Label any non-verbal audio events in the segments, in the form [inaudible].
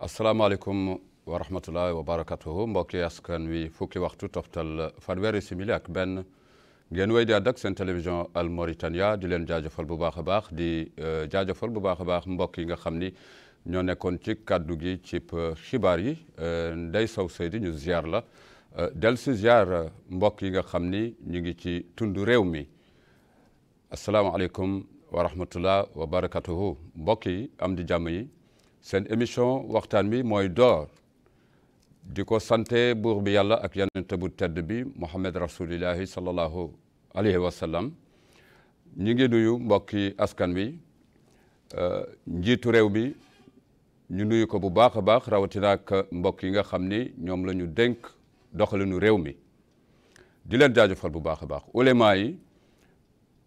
asalaamaaleykum wa rahmatullahi wa barakatuhu mbokki askan wi fukki waxtu toftal fanweeri simili ak benn ngeen wéy di ànd ak seen télévision Al Mauritania di leen jaajëfal bu baax a baax di euh, jaajëfal bu baax a baax mbokk yi nga xam ni ñoo nekkoon ci kàddu gi ci xibaar yi euh, Ndeye Sow Seydi ñu ziar la euh, del si ziar mbokk yi nga xam ni ñu ngi ci tundu réew mi asalaamaaleykum wa rahmatullah wa barakatuhu mbokk yi am di jàmm yi seen émission waxtaan bi mooy door di ko sante buur bi yàlla ak yonent bu tedd bi Muhammad rasulillahi sallallahu alayhi wa sallam ñi ngi nuyu mbokki askan wi euh, njiitu réew bi ñu nuyu ko bu baax a baax rawatina ak mbokk yi nga xam ni ñoom la ñu dénk doxalinu réew mi di leen jaajëfal bu baax a baax ulema yi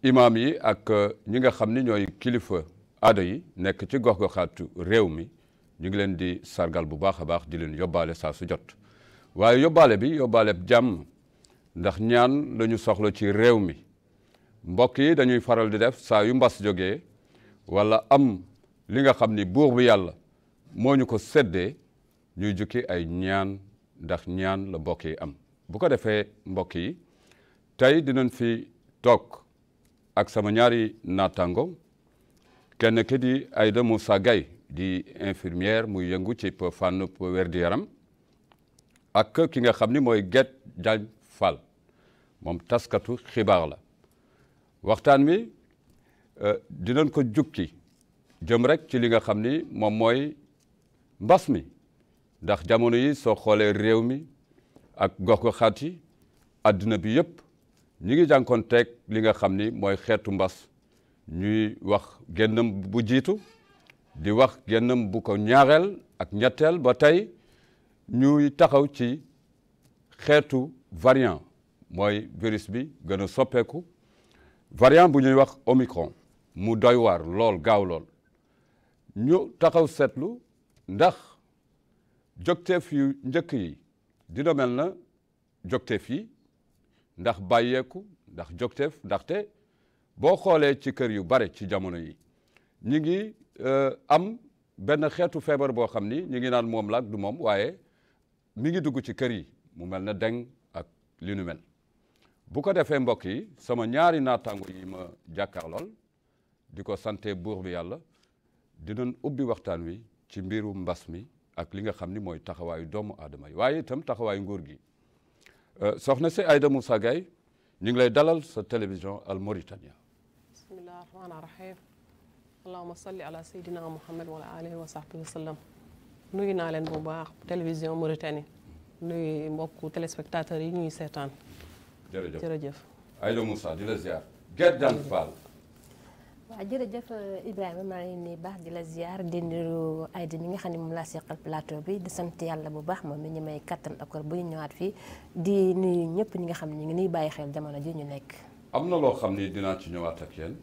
imam yi ak ñi nga xam ni ñooy kilifa aado yi nekk ci gox-goxaatu réew mi ñu leen di sargal bu baax a baax di leen yóbbaale saa su jot waaye yóbbaale bi yóbbaale jàmm ndax ñaan la ñu soxla ci réew mi mbokk yi dañuy faral di def saa yu mbas joge wala am li nga xam ni buur bu yàlla moo ñu ko séddee ñuy jukki ay ñaan ndax ñaan la mbokk yi am bu ko defee mbokk yi tey dinañ fi toog ak sama ñaari naataango kenn ki di Aïda Moussa Gaye di infirmière muy yëngu ci fànn di yaram ak ki nga xam ni mooy get Diagne fal moom taskatu xibaar la waxtaan wi euh, dinañ ko jukki jëm rek ci li nga xam ni moom mooy mbas mi ndax jamono yi soo xoolee réew mi ak gox ko xaat yi àddina bi yëpp ñi ngi jànkoon teeg li nga xam ni mooy xeetu mbas ñuy wax génnam bu jiitu di wax génnam bu ko ñaareel ak ñetteel ba tey ñuy taxaw ci xeetu variant mooy virus bi gën a soppeeku variant bu ñuy wax omicron mu doy waar lool gaaw lool ñu taxaw seetlu ndax jogteef yu njëkk yi dina mel na jogteef yi ndax bàyyeeku ndax jogteef ndaxte boo xoolee ci kër yu bare ci jamono yi ñi ngi euh, am benn xeetu feebar boo xam ni ñi ngi naan moom laak du moom waaye mi ngi dugg ci kër yi mu mel na deng ak linu nu mel bu ko defee mbokk yi sama ñaari naataango yi ma jàkkaarlool di ko sante buur bi yàlla dinañ ubbi waxtaan wi ci mbiru mbas mi ak li nga xam ni mooy taxawaayu doomu aadama yi waaye itam taxawaayu nguur gi euh, soxna si Aïda Moussa Gaye ñu ngi lay dalal sa télévision Al Mauritania bismillah rahmaani rahim allahuma salli ala seydina muhammad wa ala alihi wa sahbihi wa sallam nuyu naa leen bu baax télévision Mauritanie nuyu mbokku téléspectateurs yi ñuy seetaan jërëjëf jërëjëf Aïda Moussa di la ziar jërëjëf Ibrahima maa ngi nii baax di la ziar di nuyu Aïda mi nga xam ne moom laa seqal plateau bi di sant yàlla bu baax moom mi ñu may kattan ak bu ñu ñëwaat fii di nuyu ñëpp ñi nga xam ne ñu ngi nuy bàyyi xel jamono ji ñu nekk. am na loo xam ni dinaa ci ñëwaat ak yéen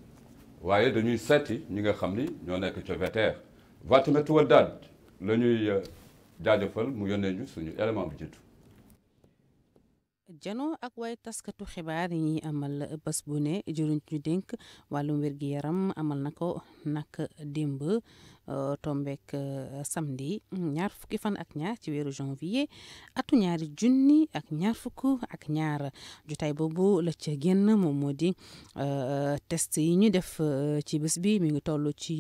waaye dañuy seeti ñi nga xam ni ñoo nekk ca VTR vatimètre wa daal la ñuy euh, jaajëfal mu yónnee ñu suñu élément bu jiitu janoo ak way taskatu xibaar yi ñuy amal bés bu ne jëruñ ñu dénk wàllum wér-gi-yaram amal na ko nag démb Euh, tombeek euh, samdi mm, ñaar fukki fan ak ñaar ci weeru janvier atu ñaari junni ak ñaar fukk ak ñaar jotaay boobu la ca génn moom moo di euh, test yi ñu def ci bés bi mi ngi toll ci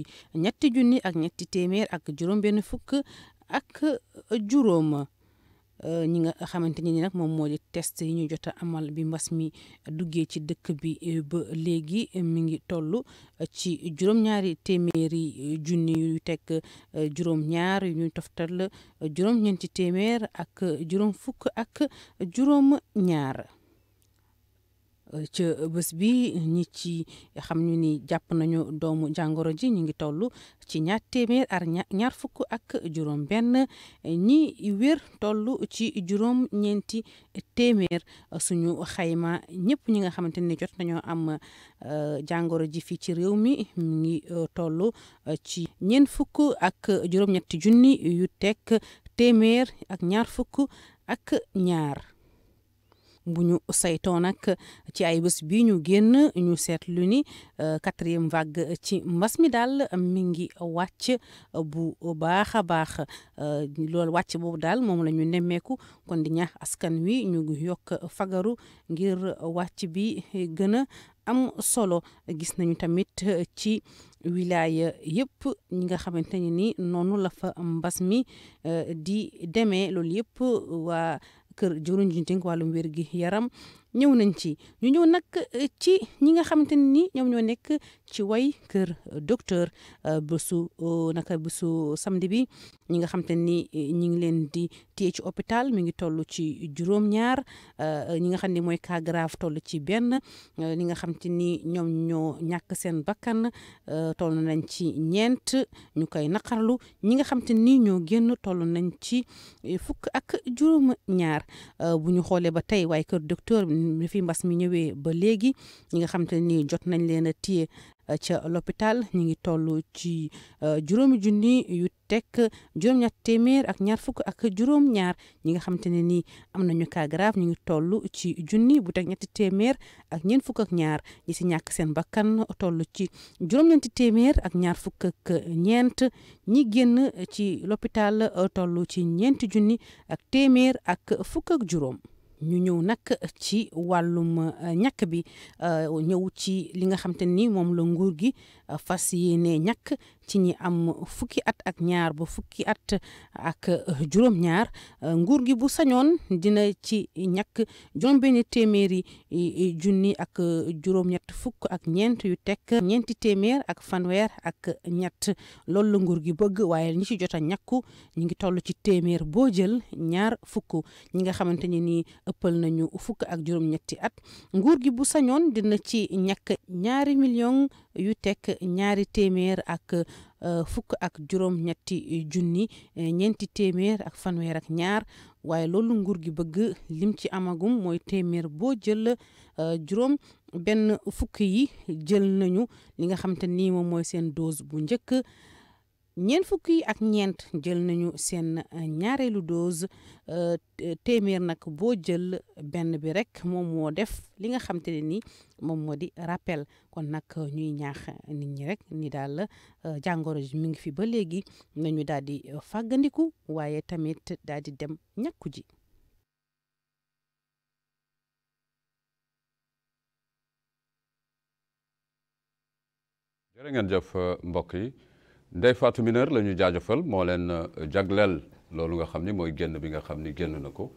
ñetti junni ak ñetti téeméer ak juróom benn fukk ak juróom Euh, ñi nga xamante ni nag moom moo di test yi ñu jot amal bi mbas mi duggee ci dëkk bi euh, ba léegi mi ngi toll ci juróom-ñaari téeméeri junni yu teg euh, juróom-ñaar yu ñuy toftal juróom-ñeenti téeméer ak juróom fukk ak juróom-ñaar. ca bés bi ñi ci xam ñu ni jàpp nañu doomu jàngoro ji ñu ngi toll ci ñaar téeméer ak ñaar fukk ak juróom benn ñi wér tollu ci juróom ñeenti téeméer suñu xayma ñëpp ñi nga xamante ni jot nañoo am euh, jàngoro ji fii ci réew mi mu ngi euh, toll euh, ci ñeen fukk ak juróom ñetti junni yu teg téeméer ak ñaar fukk ak ñaar bu ñu saytoo nag ci ay bés bi ñu génn ñu seet lu ni euh, quatrième vague ci mbas mi daal mi ngi wàcc bu baax a baax euh, lool wàcc boobu daal moom la ñu nemmeeku kon di ñaax askan wi ñu yokk fagaru ngir wàcc bi gën a am solo gis nañu tamit ci wilaaya yëpp ñi nga xamante ne ni noonu la fa mbas mi euh, di demee loolu yëpp waa kër jëwriñ ji ñu dénk wàllum wér gi yaram ñëw nañ ci ñu ñëw nag eh, ci ñi nga xamante ne ñoom ñoo nekk ci way kër eh, docteur eh, bésu naka bésu samedi bi ñi nga xamante ni ñi ngi leen di téye ci hôpital mi ngi toll ci juróom-ñaar ñi nga xam ne mooy cas toll ci benn ñi nga xamante ni ñoom ñoo ñàkk seen bakkan toll nañ ci ñeent ñu koy naqarlu ñi nga xamante ni ñoo génn toll nañ ci fukk ak juróom-ñaar bu ñu xoolee ba tey waaye kër docteur bi fi mbas mi ñëwee ba léegi ñi nga xam te ni jot nañ leen a uh, ca l'hôpital ñu ngi tollu ci uh, juróomi junni yu teg juróom-ñaar téeméer ak ñaar fukk ak juróom ñi nga xam ne nii am nañu cas ñu ngi toll ci junni bu teg ñetti téeméer ak ñeent fukk ak ñaar ñi si ñàkk seen bakkan toll ci juróom-ñeenti téeméer ak ñaar fukk ak ñeent ñi génn ci l'hôpital tollu ci ñeent junni ak téeméer ak fukk ak juróom. ñu ñëw nag ci wàllum euh, ñàkk bi euh, ñëw ci li nga xam te ni moom la nguur gi euh, fas yéene ñàkk ci ñi am fukki at ak ñaar ba fukki at ak juróom-ñaar nguur gi bu sañoon dina ci ñàkk juróom-benn téeméeri junni ak juróom-ñett fukk ak ñeent yu tekk ñeenti téeméer ak fanweer ak ñett loolu la nguur gi bëgg waaye ñi ci jot a ñàkku ñi ngi toll ci téeméer boo jël ñaar fukk ñi nga xamante ni nii ëppal nañu fukk ak juróom-ñetti at nguur gi bu sañoon dina ci ñàkk ñaari million yu teg ñaari téeméer ak euh, fukk ak juróom ñetti junni euh, ñeenti téeméer ak fanweer ak ñaar waaye loolu nguur gi bëgg lim ci amagum mooy téeméer boo jël euh, juróom benn fukk yi jël nañu li nga xam te ni moom mooy seen dose bu njëkk ñeent fukki ak ñeent jël nañu seen eh, ñaareelu dose eh, téeméer nag boo jël benn bi rek moom def li nga xam te moom moo di rappel kon nag eh, ñuy ñaax nit ñi rek ni daal jàngoro ji mi ngi fi ba léegi nañu daal di fàggandiku waaye tamit daal dem ñàkku ji. ndey Fatou Mineur la ñu jaajëfal moo leen euh, jagleel loolu nga xam ni mooy génn bi nga xam ni génn na ko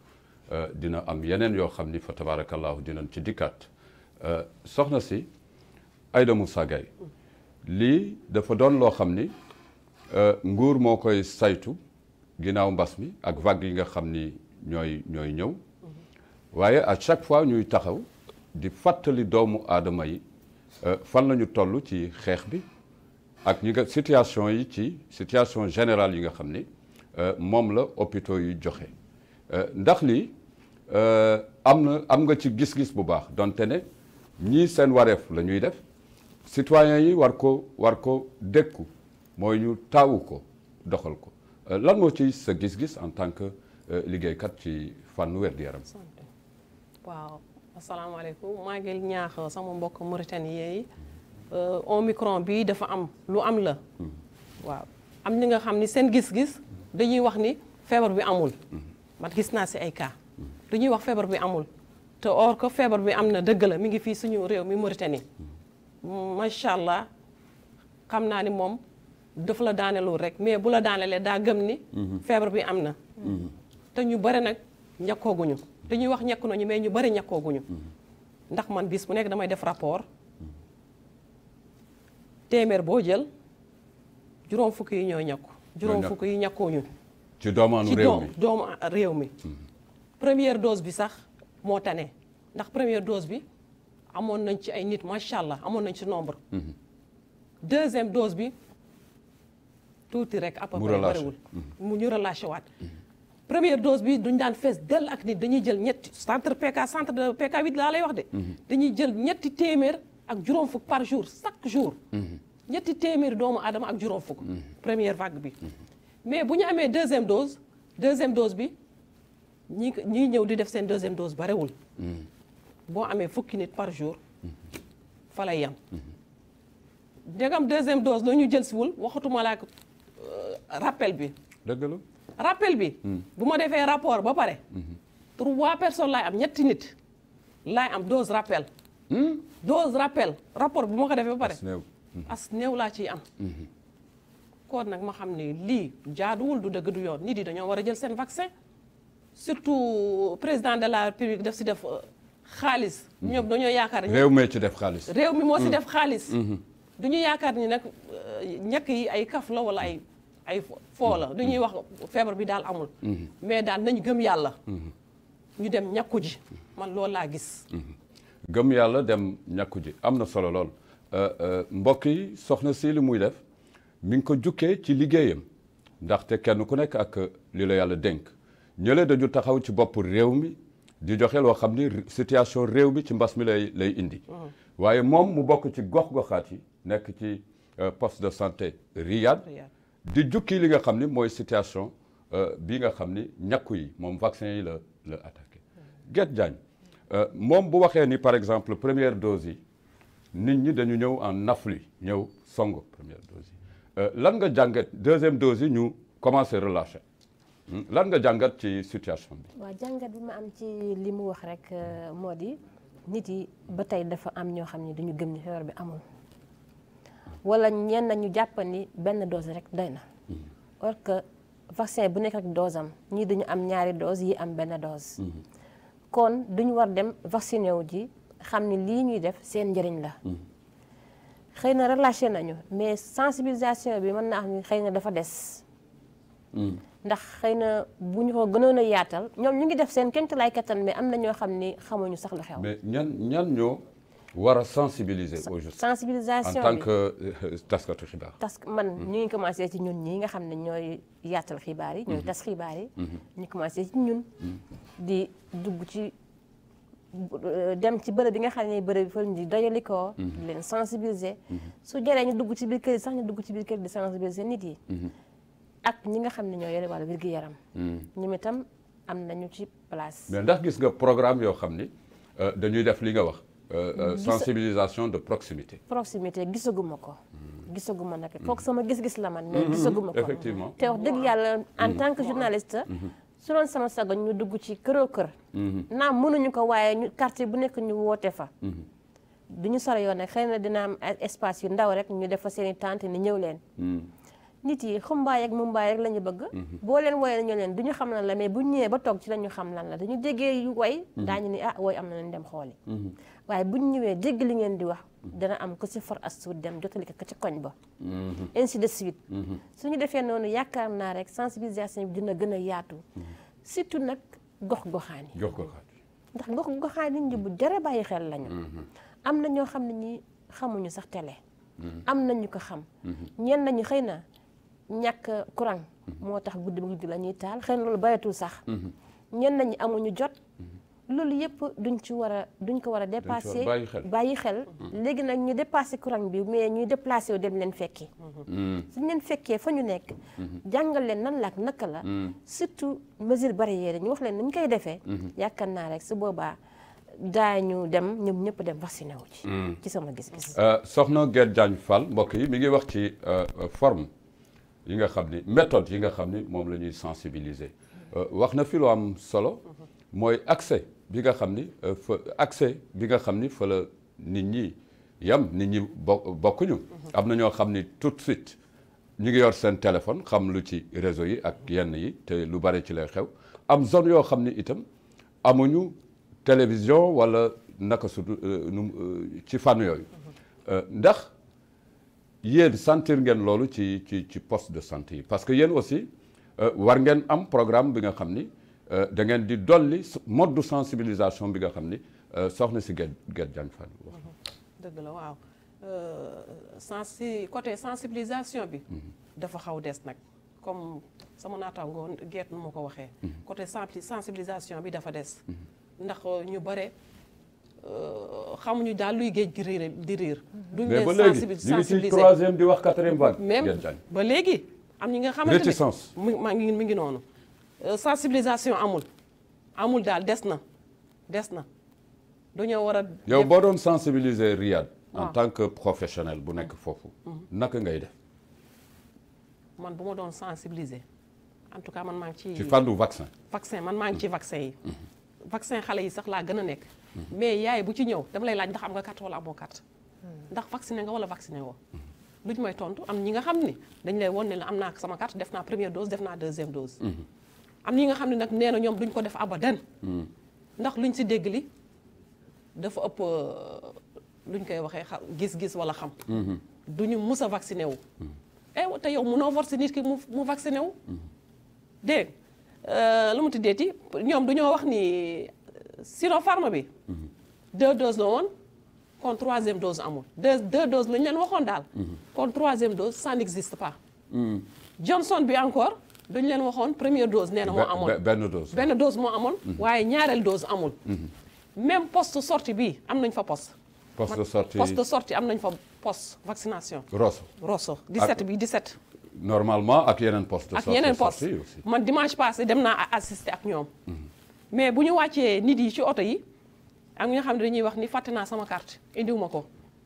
euh, dina am yeneen yoo xam ni fa tabaarakallaahu dinañ ci dikkaat euh, soxna si Aïda Moussa lii dafa doon loo xam ni nguur moo koy saytu ginnaaw mbas mi ak vague yi nga xam ni ñooy ñooy ñëw waaye a chaque fois ñuy taxaw di fàttali doomu aadama yi fan la ñu toll ci xeex bi ak ñi nga situation yi ci situation générale yi nga xam ni euh, moom la hôpitaux yu joxe euh, ndax lii euh, am na am nga ci gis-gis bu baax donte ne ñii seen wareef la ñuy def citoyens yi war ko war ko dékku mooy ñu taawu ko doxal ko lan moo ci sa gis-gis en tant que liggéeykat ci fànn wér-gu-yaram. waaw asalaamaaleykum maa ngi ñaax sama mbokk Mauritanie yi Euh, micron bii dafa am lu am la waaw am ñi nga xam ni seen gis-gis dañuy wax ni feebar bi amul man gis naa si ay cas dañuy wax feebar bi amul te or ko feebar bi am na dëgg la mi ngi fii suñu réew mi Mauritanie macha allah xam naa ni moom dafa la daanelul rek mais bu la daaneelee daa gëm ni feebar bi am na te ñu bëri nag ñàkkooguñu dañuy wax ñàkku nañu mais ñu bëri ñàkkooguñu ndax man bis bu nekk damay def rapport téeméer boo jël juróom fukk yi ñooy ñàkku juróom fukk yi ñàkkoo ñu ci doomaanu réew mi réew hmm. mi première dose bi sax moo tane ndax première dose bi amoon nañ ci ay nit macha allah amoon nañ ci nombre hmm. deuxième dose bi tuuti rek à peu près bariwul hmm. mu ñu relâché waat première dose bi duñ daan fees dell ak nit dañuy jël ñetti centre PK centre de PK 8 laa lay wax de dañuy jël ñetti téeméer ak juróom fukk par jour chaque jour. ñetti téeméeri doomu aadama ak juróom fukk. première vague bi. mais bu ñu amee deuxième dose deuxième dose bi ñi ñiy ñëw di def seen deuxième dose barewul. boo amee fukki nit par jour fa lay yam. ndegam deuxième dose la ñu jël siwul waxatuma laa euh, rappel bi. dëgg la rappel bi. Hmm. bu ma defee rapport ba pare. trois personnes laay am ñetti nit laay am dose rappel. Hmm? dose rappel rapport bu ma ko defee ba pare. as néew hmm. laa ci am. Hmm. kon nag ma xam ne lii jaaduwul du dëgg du yoon nit yi dañoo war a jël seen vaccin surtout président de la république def si def euh, xaalis. ñoom dañoo yaakaar ne réew mi ci def xaalis. réew mi moo si def xaalis. du ñu yaakaar ni nag euh, ñàkk yi ay kaf la wala ay ay foo la du ñuy wax feebar bi daal amul. mais daal nañ gëm yàlla. ñu dem ñàkku ji man loolu laa gis. gëm yàlla dem ñàkku ji am na solo lool euh, euh, mbokk yi soxna si li muy def mi ngi ko jukkee ci liggéeyam ndaxte kenn ku nekk ak li la yàlla dénk ñële ju taxaw ci bopp réew mi di joxe loo xam ni situation réew mi ci mbas mi lay lay indi mm. waaye moom mu bokk ci gox-goxaat yi nekk ci euh, poste de santé Riyad di jukki li nga xam ni mooy situation bi nga xam ni ñàkku yi moom vaccin yi la la attaqué mm. Guet Euh, moom bu waxee ni par exemple première dose yi nit ñi dañu ñëw en afflux ñëw song première dose yi euh, lan nga jàngat deuxième dose ñu commencé relâché hmm? lan nga jàngat ci situation bi. waa jàngat bi ma am ci li mu wax rek euh, moo di nit yi ba tey dafa am ñoo xam ne dañu gëm ni feebar bi amul wala ñenn ñu jàpp ni benn dose rek doy na. Hmm. or que vaccin bu nekk rek dose am ñii dañu am ñaari dose yi am benn dose. Hmm. kon duñu war dem vacciné wu ji xam ni lii ñuy def seen njëriñ la mm-hmm. xëy na relâché nañu mais sensibilisation bi mën naa xam ni xëy na dafa des mm-hmm. ndax xëy na bu ñu ko gënoon a yaatal ñoom ñu ngi def seen kéemtalaay kattan mais am na ñoo xam ni xamuñu sax lu xew mais ñan ñoo war a sensibiliser aujourd'hui sensibilisation en tant que euh, taskatu xibaar. tas man mhm. ñu ngi commencé ci ñun ñii nga xam ne ñooy yaatal xibaar yi. ñooy mhm. tas xibaar yi. Mhm. ñu commencé ci ñun. di dugg ci euh, dem ci bërëb bi nga xam ne bërëb bi fa ñu dajali ko. leen sensibiliser. su jëree ñu dugg ci biir sax ñu dugg ci biir kër di sensibiliser nit yi. ak ñi nga xam ne ñoo yore wàllu yaram. ñoom itam am nañu ci place. mais ndax gis nga programme yoo xam ni euh, dañuy def li nga wax. Euh, euh, mm, sensibilisation de proximité. proximité gisaguma ko. Mm. gisaguma nag mm. foog sama gis-gis la man. mais mm-hmm. gisaguma ko effectivement te wax dëgg yàlla en mm-hmm. tant que journaliste. Mm-hmm. su doon sama sago ñu dugg ci këroo kër. naa mënuñu ko waaye ñu quartier bu nekk ñu woote fa. du ñu sore yoon nag xëy na dina am espace yu ndaw rek ñu def fa seen i tente ni ñëw leen. nit yi xumbaay ak mumbaay rek la ñu bëgg. boo leen woyee ñu leen du ñu xam lan la mais bu ñëwee ba toog ci la ñu xam lan la dañu déggee yu way. daañu ni ah woy am na nañ dem xooli. waaye bu buñ ñëwee dégg li ngeen di wax dana am ko ci for as suut dem jotali ko ci koñ ba mhm. ainsi de suite mhm. ñu defee noonu yaakaar naa rek sensibilisation bi dina gën a yaatu mhm. surtout nag gox goxaan yi ndax gox goxaan nit ñi bu jara bàyyi xel lañu am na ñoo xam ne ñi xamuñu sax tele am na ñu ko xam ñenn nañu xëy na ñàkk courant moo tax guddi ba guddi la ñuy taal xëy loolu bayatul sax ñenn nañu amuñu jot loolu yëpp duñ ci war a duñ ko war a dépassé bàyyi xel léegi nag ñu dépassé courant bi mais ñuy déplacé wu dem leen fekki mm-hmm. mm. suñ leen fekkee fa ñu nekk mm-hmm. jàngal leen nan laak naka la mm. surtout mesure barrière ñu wax leen ni ñu koy defee mm-hmm. yaakaar naa rek su boobaa daañu dem ñoom ñëpp dem vacciné mm. ci sama gis-gis euh, soxna Guèye Diagne Fall mbokk yi mi ngi wax ci euh, euh, forme yi nga xam ni yi nga xam ni moom la ñuy sensibiliser wax na fi lu am solo mooy accès bi nga xam ni euh, fa accès bi nga xam ni fa la nit ñi yam nit ñi bo bokkuñu. Mhm. am na ñoo xam ni tout de suite ñu ngi yor seen téléphone xam lu ci réseau yi ak yenn yi te lu bare ci lay xew am zone yoo xam ni itam amuñu télévision walla naka su euh, euh, ci fànn yooyu mhm. ndax yéen sentir ngeen loolu ci ci ci poste de santé yi parce que yéen aussi war ngeen am programme bi nga xam ni. Euh, da ngeen di dolli mode de sensibilisation bi nga xam ni euh, soxna si Guèye Guèye Diagne Fane wax. Mhm. dëgg la waaw euh, sensi côté sensibilisation bi. Mhm. dafa xaw des nag comme sama naataango Guèye nu ma ko waxee. Mhm. côté sensibilisation bi dafa des. ndax ñu bare xamuñu daal luy géej gi riir di riir. duñ leen sensibiliser mais ba léegi ñu ngi ci troisième ba léegi am ñi nga xamante ne réticence mi ngi mi ngi noonu. Euh, sensibilisation amul amul daal des na des na dañoo war a. yow boo doon sensibiliser Riyad. en tant que professionnel bu nekk foofu. Mhm. naka ngay def. man bu ma doon sensibiliser en tout cas man maa ngi ci. ci fàndu vaccin. vaccin man maa ngi ci mhm. vaccin yi. Mhm. vaccin xale yi sax laa gën a nekk. mais yaay bu ci ñëw dama lay laaj ndax am nga carte wala amoo carte. Hmm. ndax vacciné nga wala vacciné woo. luñ may tontu am ñi nga xam ni dañ lay won ne la am naa sama carte def naa première am na yi nga xam ne nag nee na ñoom duñ ko def abadan hmm. ndax luñ si dégg li dafa ëpp euh, luñ koy waxee gis-gis wala xam hmm. duñu mus a vacciné wu hmm. ew eh, te yow munoo forcer nit ki mu mu vacciné wu dégg euh, lu mu tuddeeti ñoom dañoo wax ni euh, Sinopharm bi deux doses la woon kon troisième dose amul deux deux doses lañ leen waxoon daal kon troisième dose ça n'existe pas Johnson bi encore dañu leen waxoon première dose nee na moo amoon benn dose benn dose moo amoon mhm. waaye ñaareel dose amul mhm. même poste sortie bi am nañ fa poste poste de sortie de sortie am nañ fa poste vaccination Rosso Rosso 17 bi 17 normalement ak yeneen poste de sortie ak yeneen poste man dimanche passé dem naa assister ak ñoom mhm. mais bu ñu wàccee nit yi ci oto yi ak ñi nga xam ne dañuy wax ni fatte naa sama carte indiwuma ko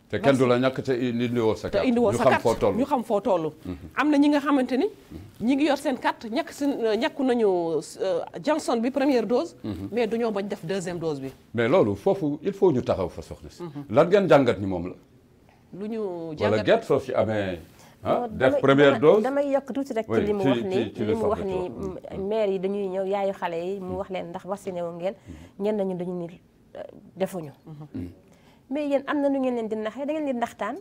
te kenn du la ñàkk te indi sa carte te indi woo sa carte ñu xam foo toll. Mhm. am na ñi nga xamante ni. ñi ngi yor seen carte ñàkk si euh, ñàkku nañu euh, Johnson bi première dose. Mhm. mais du ñoo bañ def deuxième dose bi. mais loolu foofu il faut ñu taxaw fa soxna si. Mhm. lan ngeen jàngat ni moom la. lu ñu jàngat wala gerte soo si amee. ah def première dose damay yokk tuuti rek ci ñi mu wax ni li mu wax ni maire yi dañuy ñëw yaayu xale yi mu wax leen ndax vacciné wu ngeen ñenn nañu dañu ni euh, defuñu. mais yéen am na nu ngeen leen di naxee da ngeen di naxtaan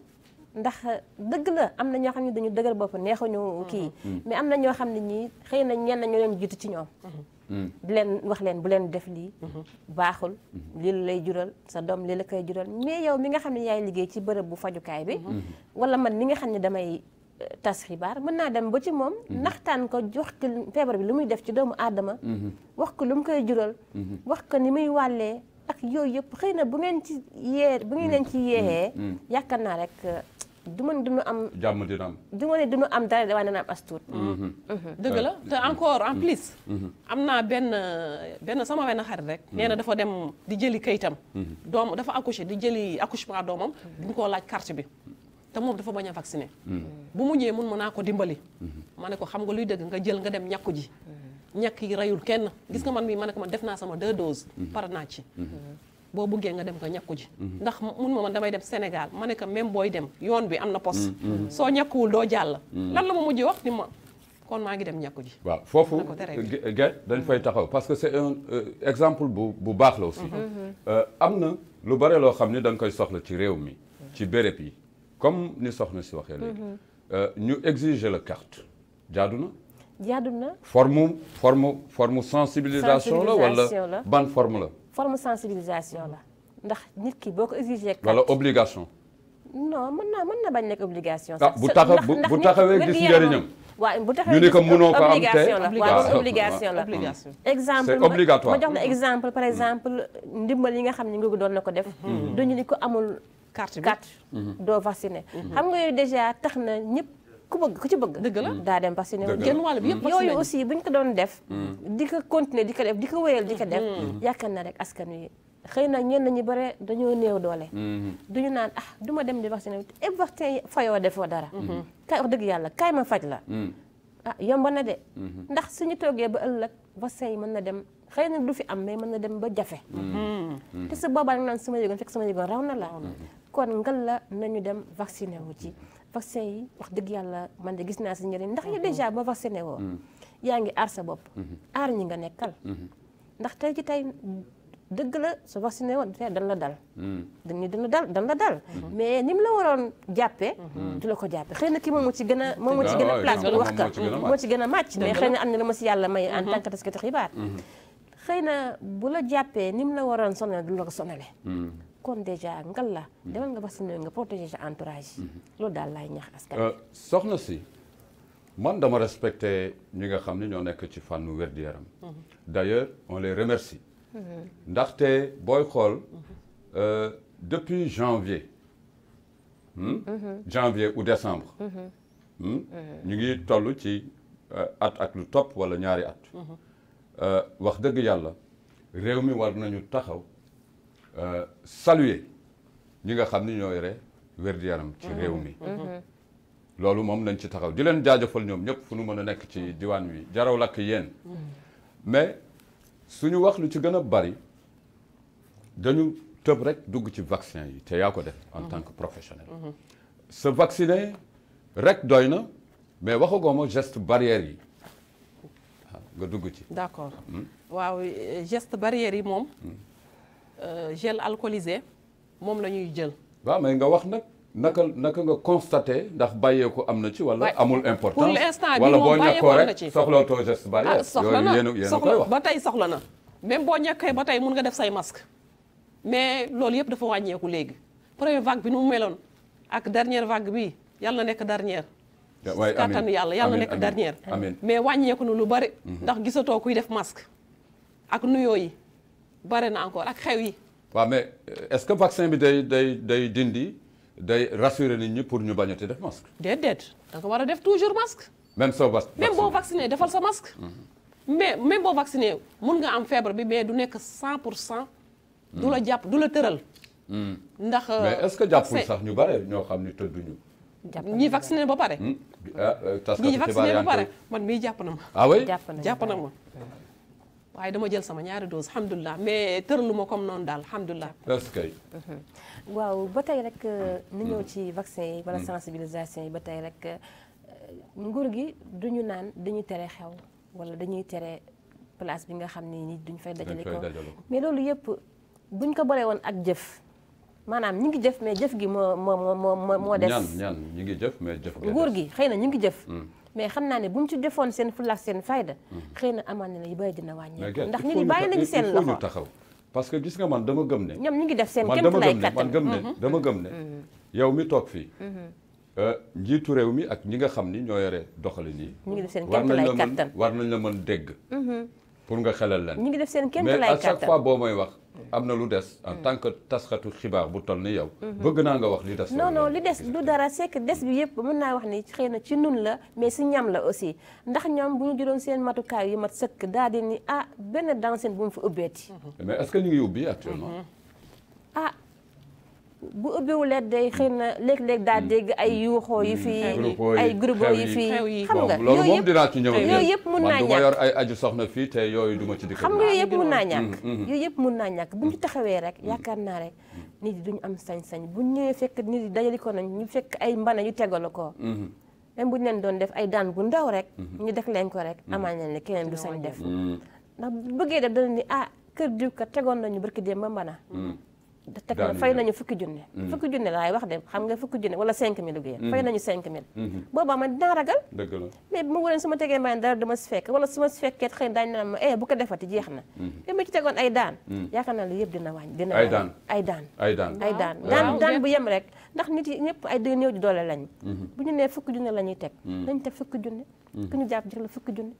ndax dëgg la am na ñoo xam ne dañu dëgër bopp neexuñu kii mm-hmm. Mm-hmm. mais am na ñoo xam ne ñii xëy na ñenn ñoo leen jiitu ci ñoom mm-hmm. di leen wax leen bu leen def lii baaxul lii lay jural sa doom lii la koy jural mais yow mi nga xam ne yaay liggéey ci bërëb bu fajukaay bi wala man mi nga xam ne damay eh, tas xibaar mën naa dem ba ci moom naxtaan ko wax ko feebar bi lu muy def ci doomu aadama wax ko lu mu koy jural wax ko ni muy wàllee ak yooyu yëpp xëy na bu ngeen ci yee bu ngeen leen ci mm. yeexee mm. Mm. yaakaar naa rek euh, du ma du ñu am. jàmm dina am. du ma ne du ñu waaye dana am as mm-hmm. mm-hmm. mm-hmm. dëgg la te encore en plus. am naa benn benn sama benn xarit rek. nee na dafa dem di jëli kayitam. doom dafa accouché di jëli accouchement doomam. duñ koo laaj carte bi. te moom dafa bañ a vacciné. bu mu ñëwee mun mën naa ko dimbali. ma ne ko xam nga luy dëgg nga jël nga dem ñàkku ji. ñekk yi reyul kenn gis nga man mii ma ne ko man def naa sama deux doses pare naa ci boo buggee nga dem nga ñàkku ji ndax mun ma man damay dem Sénégal ma ne ko même booy dem yoon bi am na pos soo ñàkkuwul doo jàll lan la ma mujj wax ni ma kon maa ngi dem ñàkku ji waaw foofu ge dañ fay taxaw parce que c'est un euh, exemple bu bu baax la aussi mm-hmm. euh, am na lu bare loo xam ni da nga koy soxla ci réew mi ci béréb yi comme ni soxna si waxee léegi mm-hmm. euh, ñu exiger la carte jaadu na jaadu na forme forme forme sensibilisation la wala ban forme la forme sensibilisation la ndax nit ki boo ko exigé wala obligation non mën naa mën na bañ nekk obligation ah, sax bu taxa bu taxawee gis njëriñam waaw bu taxawee ñu ko mënoo ko am te waaw obligation exemple c'est obligatoire ma jox la exemple par exemple ndimbal yi nga xam ne ngoogu doon na ko def mm-hmm. duñu ni ko amul carte carte mm-hmm. doo vacciné mm-hmm. xam nga yooyu déjà tax na ñëpp ku bëgg ku ci bëgg daa dem parce que genn wàll bi yëpp yooyu aussi buñ ko doon def mm. di ko continuer di ko def di ko wéyal di ko def mm. Mm. yaakaar na rek askan wi xëy na ñenn ñi bare dañoo néew doole mm-hmm. du ñu naan ah du ma dem di vacciner et vaccin fayoo defoo dara mm-hmm. kay dëgg yàlla kaay ma faj la ah yomb na de mm-hmm. ndax suñu toogee ba ëllëg ba sey mën na dem xëy na du fi am mais mën na dem ba jafe te su boobaa nag naan su ma yëgoon fekk su ma yëgoon raw na la kon ngal la nañu dem vacciner wu ci vaccin yi wax dëgg yàlla man de gis naa si njëriñ ndax yow mhm. déjà ba vacciné woo. Mhm. yaa ngi aar sa bopp. Mhm. aar ñi nga nekkal. ndax tey ci tey dëgg la su vacciné woon tey dan la dal. dañuy dan la dal dan la dal. mais ni mu la waroon jàppee. du la ko jàppee xëy na ki moom moo ci gën a moom moo ci gën a place ka moo ci gën a màcc xëy na am na la ma si yàlla may en tant que taskati xibaar. xëy na bu la jàppee ni mu la waroon sonal du la ko sonalee. kon déjà ngal la mhm. demal nga vacciné nga protéger sa entourage. Mhm. loolu daal laay ñax askan euh, soxna si man dama respecté ñi nga xam ne ñoo nekk ci fànnu wér-di-yaram. Mhm. d'ailleurs on les remercie. ndaxte booy xool euh, depuis janvier. Hmm? janvier ou décembre. Hmm? ñu ngi toll ci euh, at ak lu topp wala ñaari at. wax dëgg yàlla réew mi war nañu taxaw. Euh, saluer ñi nga xam ni ñoo yore wér-gu-yaram ci réew mi mm-hmm. Mm-hmm. Mm-hmm. loolu moom nañ ci taxaw di leen jaajëfal ñoom ñëpp fu nu mën a nekk ci diwaan wi jaraw lakk yéen mais suñu wax lu ci gën a bari dañu tëb rek dugg ci vaccin yi te yaa ko def en tant que professionnel se vacciner rek doy na mais waxagoo ma geste barrière yi nga dugg ci d'accord hmm? waaw geste barrière yi moom hmm? Euh, gel alcoolisé moom la ñuy jël. waaw mais nga wax nag naka naka nga constaté ndax bàyyeeku am na ci wala amul important pour l'instant bi moom bàyyeeku am na wala boo ñàkkoo rek soxlaatoo geste barrière. Ah, soxla na yooyu yéen a koy ba tey soxla na. même boo ñàkkee ba tey mun nga def say masque mais loolu yëpp dafa wàññeeku léegi première vague bi nu mu meloon ak dernière vague bi yàlla na nekk dernière. waay amiin kàttanu yàlla yàlla na nekk dernière. mais wàññeeku na lu bari. Mhm. ndax gisatoo kuy def masque ak nuyoo yi. bare na encore ak xew yi. waaw mais euh, est-ce que vaccin bi day day day dindi day rassure nit ñi pour ñu bañati def masque. déedéet da nga war a def toujours masque. même soo bas. même boo vacciné defal sa masque. Mm-hmm. mais même boo vacciné mun nga am feebar bi mais du nekk cent pour cent. Mm. du la jàpp du la tëral. Mm. ndax euh, mais est-ce que jàppul sax ñu bare ñoo xam ni tëdduñu. jàpp ñi vacciné ba pare. Hmm? ah euh, tas xibaar yaa ngi koy ñi vacciné ba pare man mii jàpp na ma. ah jàpp na ma. waaye dama jël sama ñaari dose alhamdulilah mais tërlu ma comme noonu daal alhamdulilah. Mhm. waaw ba tey rek. ni euh, ñëw ci vaccin yi. wala mhm. sensibilisation yi ba tey rek euh, nguur gi du ñu naan dañuy tere xew wala dañuy tere place bi nga xam ni nit duñ fay dajale ko mais loolu yëpp buñ ko boole woon ak jëf. maanaam ñu ngi jëf mais jëf gi moo moo moo moo des. ñaan ñaan ñu ngi jëf mais jëf. nguur gi xëy na ñu ngi jëf. Mm. mais xam naa ne bu ñu ci defoon seen fulaak seen fayda xëy na amaan na la yu bari dina wàññeeku ndax ñu ni bàyyi nañu seen loxo ñu taxaw parce que gis nga man dama gëm ne ñoom ñu ngi def seen kéem lay kattan man gëm ne mhm. mhm. yow mi toog fii mhm. euh, njiitu réew mi ak ñi nga xam ni ñoo yore doxalin yi ñu ngi def seen kéem lay kattan war nañ la mën dégg pour nga xelal leen ñu ngi def seen kéem lay kattan mais à chaque fois boo may wax am na lu des en mm. tant que taskatu xibaar bu toll ni yow mm-hmm. bëgg naa nga wax li des non non li des du dara sekk des bi yëpp mën naa wax ni xëy na ci nun la mais si ñam la aussi ndax ñoom bu ñu jëloon seen matukaay yi mat sëkk daal ni ah benn danseen bu mu fi ubbeeti mais est-ce que ñu ngi ubbi actuellement mm-hmm. ah bu ubbiwuleet day xëy na léeg-léeg daa mm. dégg ay yuuxoo mm. yi fii ay groupe yi fi xam nga loolu yëpp mun naa yor ay soxna fii yooyu du ma xam nga yooyu yëpp mun naa ñàkk mm, yooyu yëpp mun naa ñàkk bu ñu taxawee rek yaakaar naa rek nit yi duñu am sañ-sañ bu ñu ñëwee fekk nit yi dajali nañ ñu fekk ay mbana ñu tegalu ko mm-hmm. même bu ñu leen doon def ay daan bu ndaw rek mm-hmm. ñu def leen ko rek mm-hmm. amaan leen ne keneen du sañ def ndax bu bëggee def dana ni ah kër diw ka tegoon nañu barki démb ba mbana teg na fay nañu fukki junne fukki junne laay wax de xam nga fukki junne wala cinq mille bu mm-hmm. fay nañu cinq mille mm-hmm. boobaa man dinaa ragal dëgg la mais bu ma wóoree su ma tegee mbaa dara dama si fekk wala su fekkee xëy daañu naan ma eh, bu ko defati jeex na bi mm-hmm. tegoon ay daan yaakaar naa lu yëpp dina wàññi dina ay daan ay daan ay daan ay daan daan bu yem rek ndax nit yi ñëpp ay néew di doole lañ bu ñu nee fukki junne la ñuy teg nañ teg fukki junne ku ñu jàpp jox la fukki junne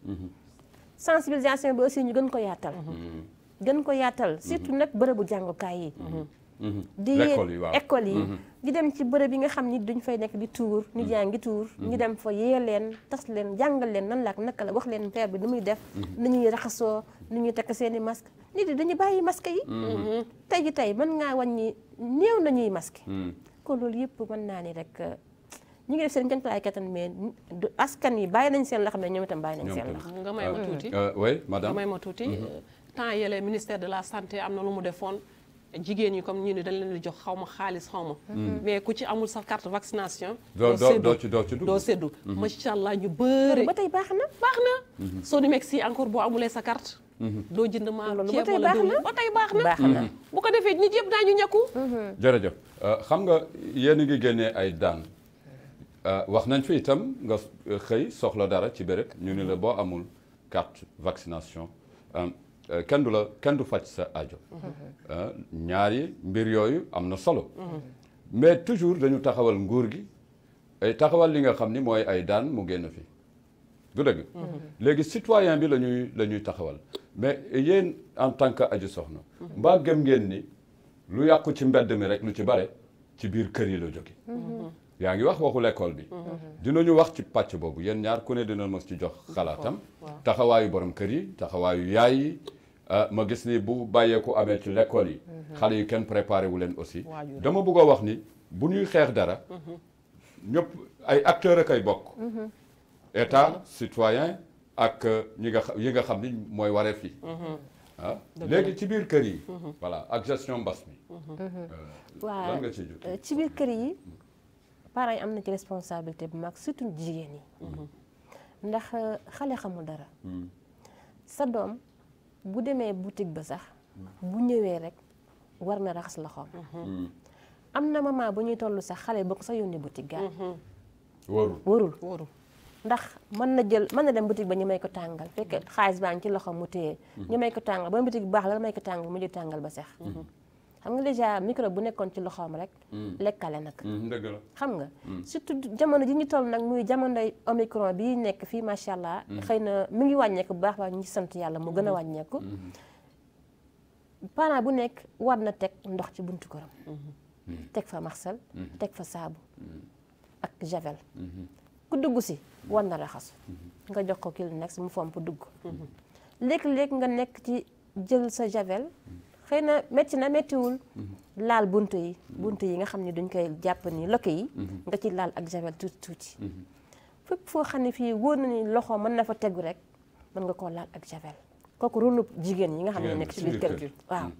sensibilisation bi aussi ñu gën ko yaatal gën ko yaatal mhm. surtout nag bërëbu jàngukaay yi mhm. Mhm. di école yi di dem ci bërëb yi nga xam ni duñ fay nekk di tuur ñu jàngi tuur ñu dem fa yee leen tas leen jàngal leen nan laak naka la wax leen teer bi nu muy def nu ñuy raxasoo nu ñuy takk seen i masque nit yi bàyyi masque yi tey ji tey mën ngaa wàññi néew nañuy masque kon loolu yëpp mën naa ni rek euh, ñu ngi seen jantalaay kattan mais askan yi bàyyi nañ seen loxo mais ñoom itam bàyyi nañ seen loxo nga may ma ah. tuuti euh, oui madame nga may ma tuuti temps yële ministère de la santé am na lu mu defoon jigéen ñi comme ñu ne dañ leen di jox xaw ma xaalis xaw mm. mais ku ci amul sa carte vaccination. doo doo ci doo doo seddu. macha mm-hmm. allah ñu bëri. ba tey baax na baax na. Mm-hmm. soo demee si encore boo amulee sa carte. Mm-hmm. doo jënd maalo ceeb wala diwlin ba tey baax na baax na bu ko defee nit yëpp daañu ñàkku. jërëjëf euh, xam nga yéen a ngi génnee ay daan euh, wax nañ fi itam nga xëy soxla dara ci béréb ñu ni la boo amul carte vaccination. Euh, Euh, kenn du la kenn du faj sa aajo. Euh, ñaari mbir yooyu am na solo. mais toujours dañu taxawal nguur gi ay taxawal li nga xam ni mooy ay daan mu génn fi du dëgg. léegi citoyen bi la ñuy la taxawal mais yéen en tant que ajo soxna. mbaa gëm ngeen ni lu yàqu ci mbedd mi rek lu ci bare ci biir kër yi la jóge yaa ngi wax waxu l'école bi mm-hmm. ñu wax ci pàcc boobu yéen ñaar ku ne dina mos ci jox xalaatam taxawaayu boroom kër yi taxawaayu yaay yi ah, ma gis ni bu bàyyeeku amee ci l'école yi mm-hmm. xale yi kenn préparé wu leen aussi dama bëgg wax ni bu ñuy xeex dara mm-hmm. ñëpp ay acteur ak ay bokk état citoyen ak euh, ñi nga yi nga xam ni mooy wareef fii ah léegi ci biir kër yi voilà ak gestion mbas mi euh, lan nga ciy jot euh, ci biir kër yi parents yi am na ci responsabilité bu mag surtout jigéen yi mhm. ndax euh, xale xamul dara mhm. sa doom bu demee boutique ba sax mhm. bu ñëwee rek war na raxas loxoom am na ma maman bu ñuy toll sax xale ba ko sax yónnee boutique gaa warul warul ndax mën na jël mën na dem boutique ba ñu may ko tàngal fekk xaalis baa ngi ci loxoom mu téye ñu may ko tàngal ba boutique bu baax la may ko tàngal mu jël tàngal ba sax xam nga déjà micro bu nekkoon ci loxoom rek. Hmm. lekkale nag. Hmm, xam nga. Hmm. surtout jamono ji ñu toll nag muy jamonoy omicron bii nekk fii macha allah. xëy na mu ngi wàññeeku baax baax ñu sant yàlla mu gën a wàññeeku. parent bu nekk war na teg ndox ci buntu këram. teg fa marsal. teg fa saabu. ak javel. ku dugg si war na raxasu nga jox ko Kleenex mu fomp dugg. léeg-léeg nga nekk ci jël sa javel. xëy na métti na méttiwul mhm. laal buntu yi buntu yi nga xam ne duñ koy jàpp ni lokk yi nga mhm. ci laal ak javel tuuti tuuti mhm. fépp foo xam ne fii wóor na loxo mën na fa tegu rek mën nga koo laal ak javel kooku rôle jigéen yi nga xam ne nekk ci biir kër gi waaw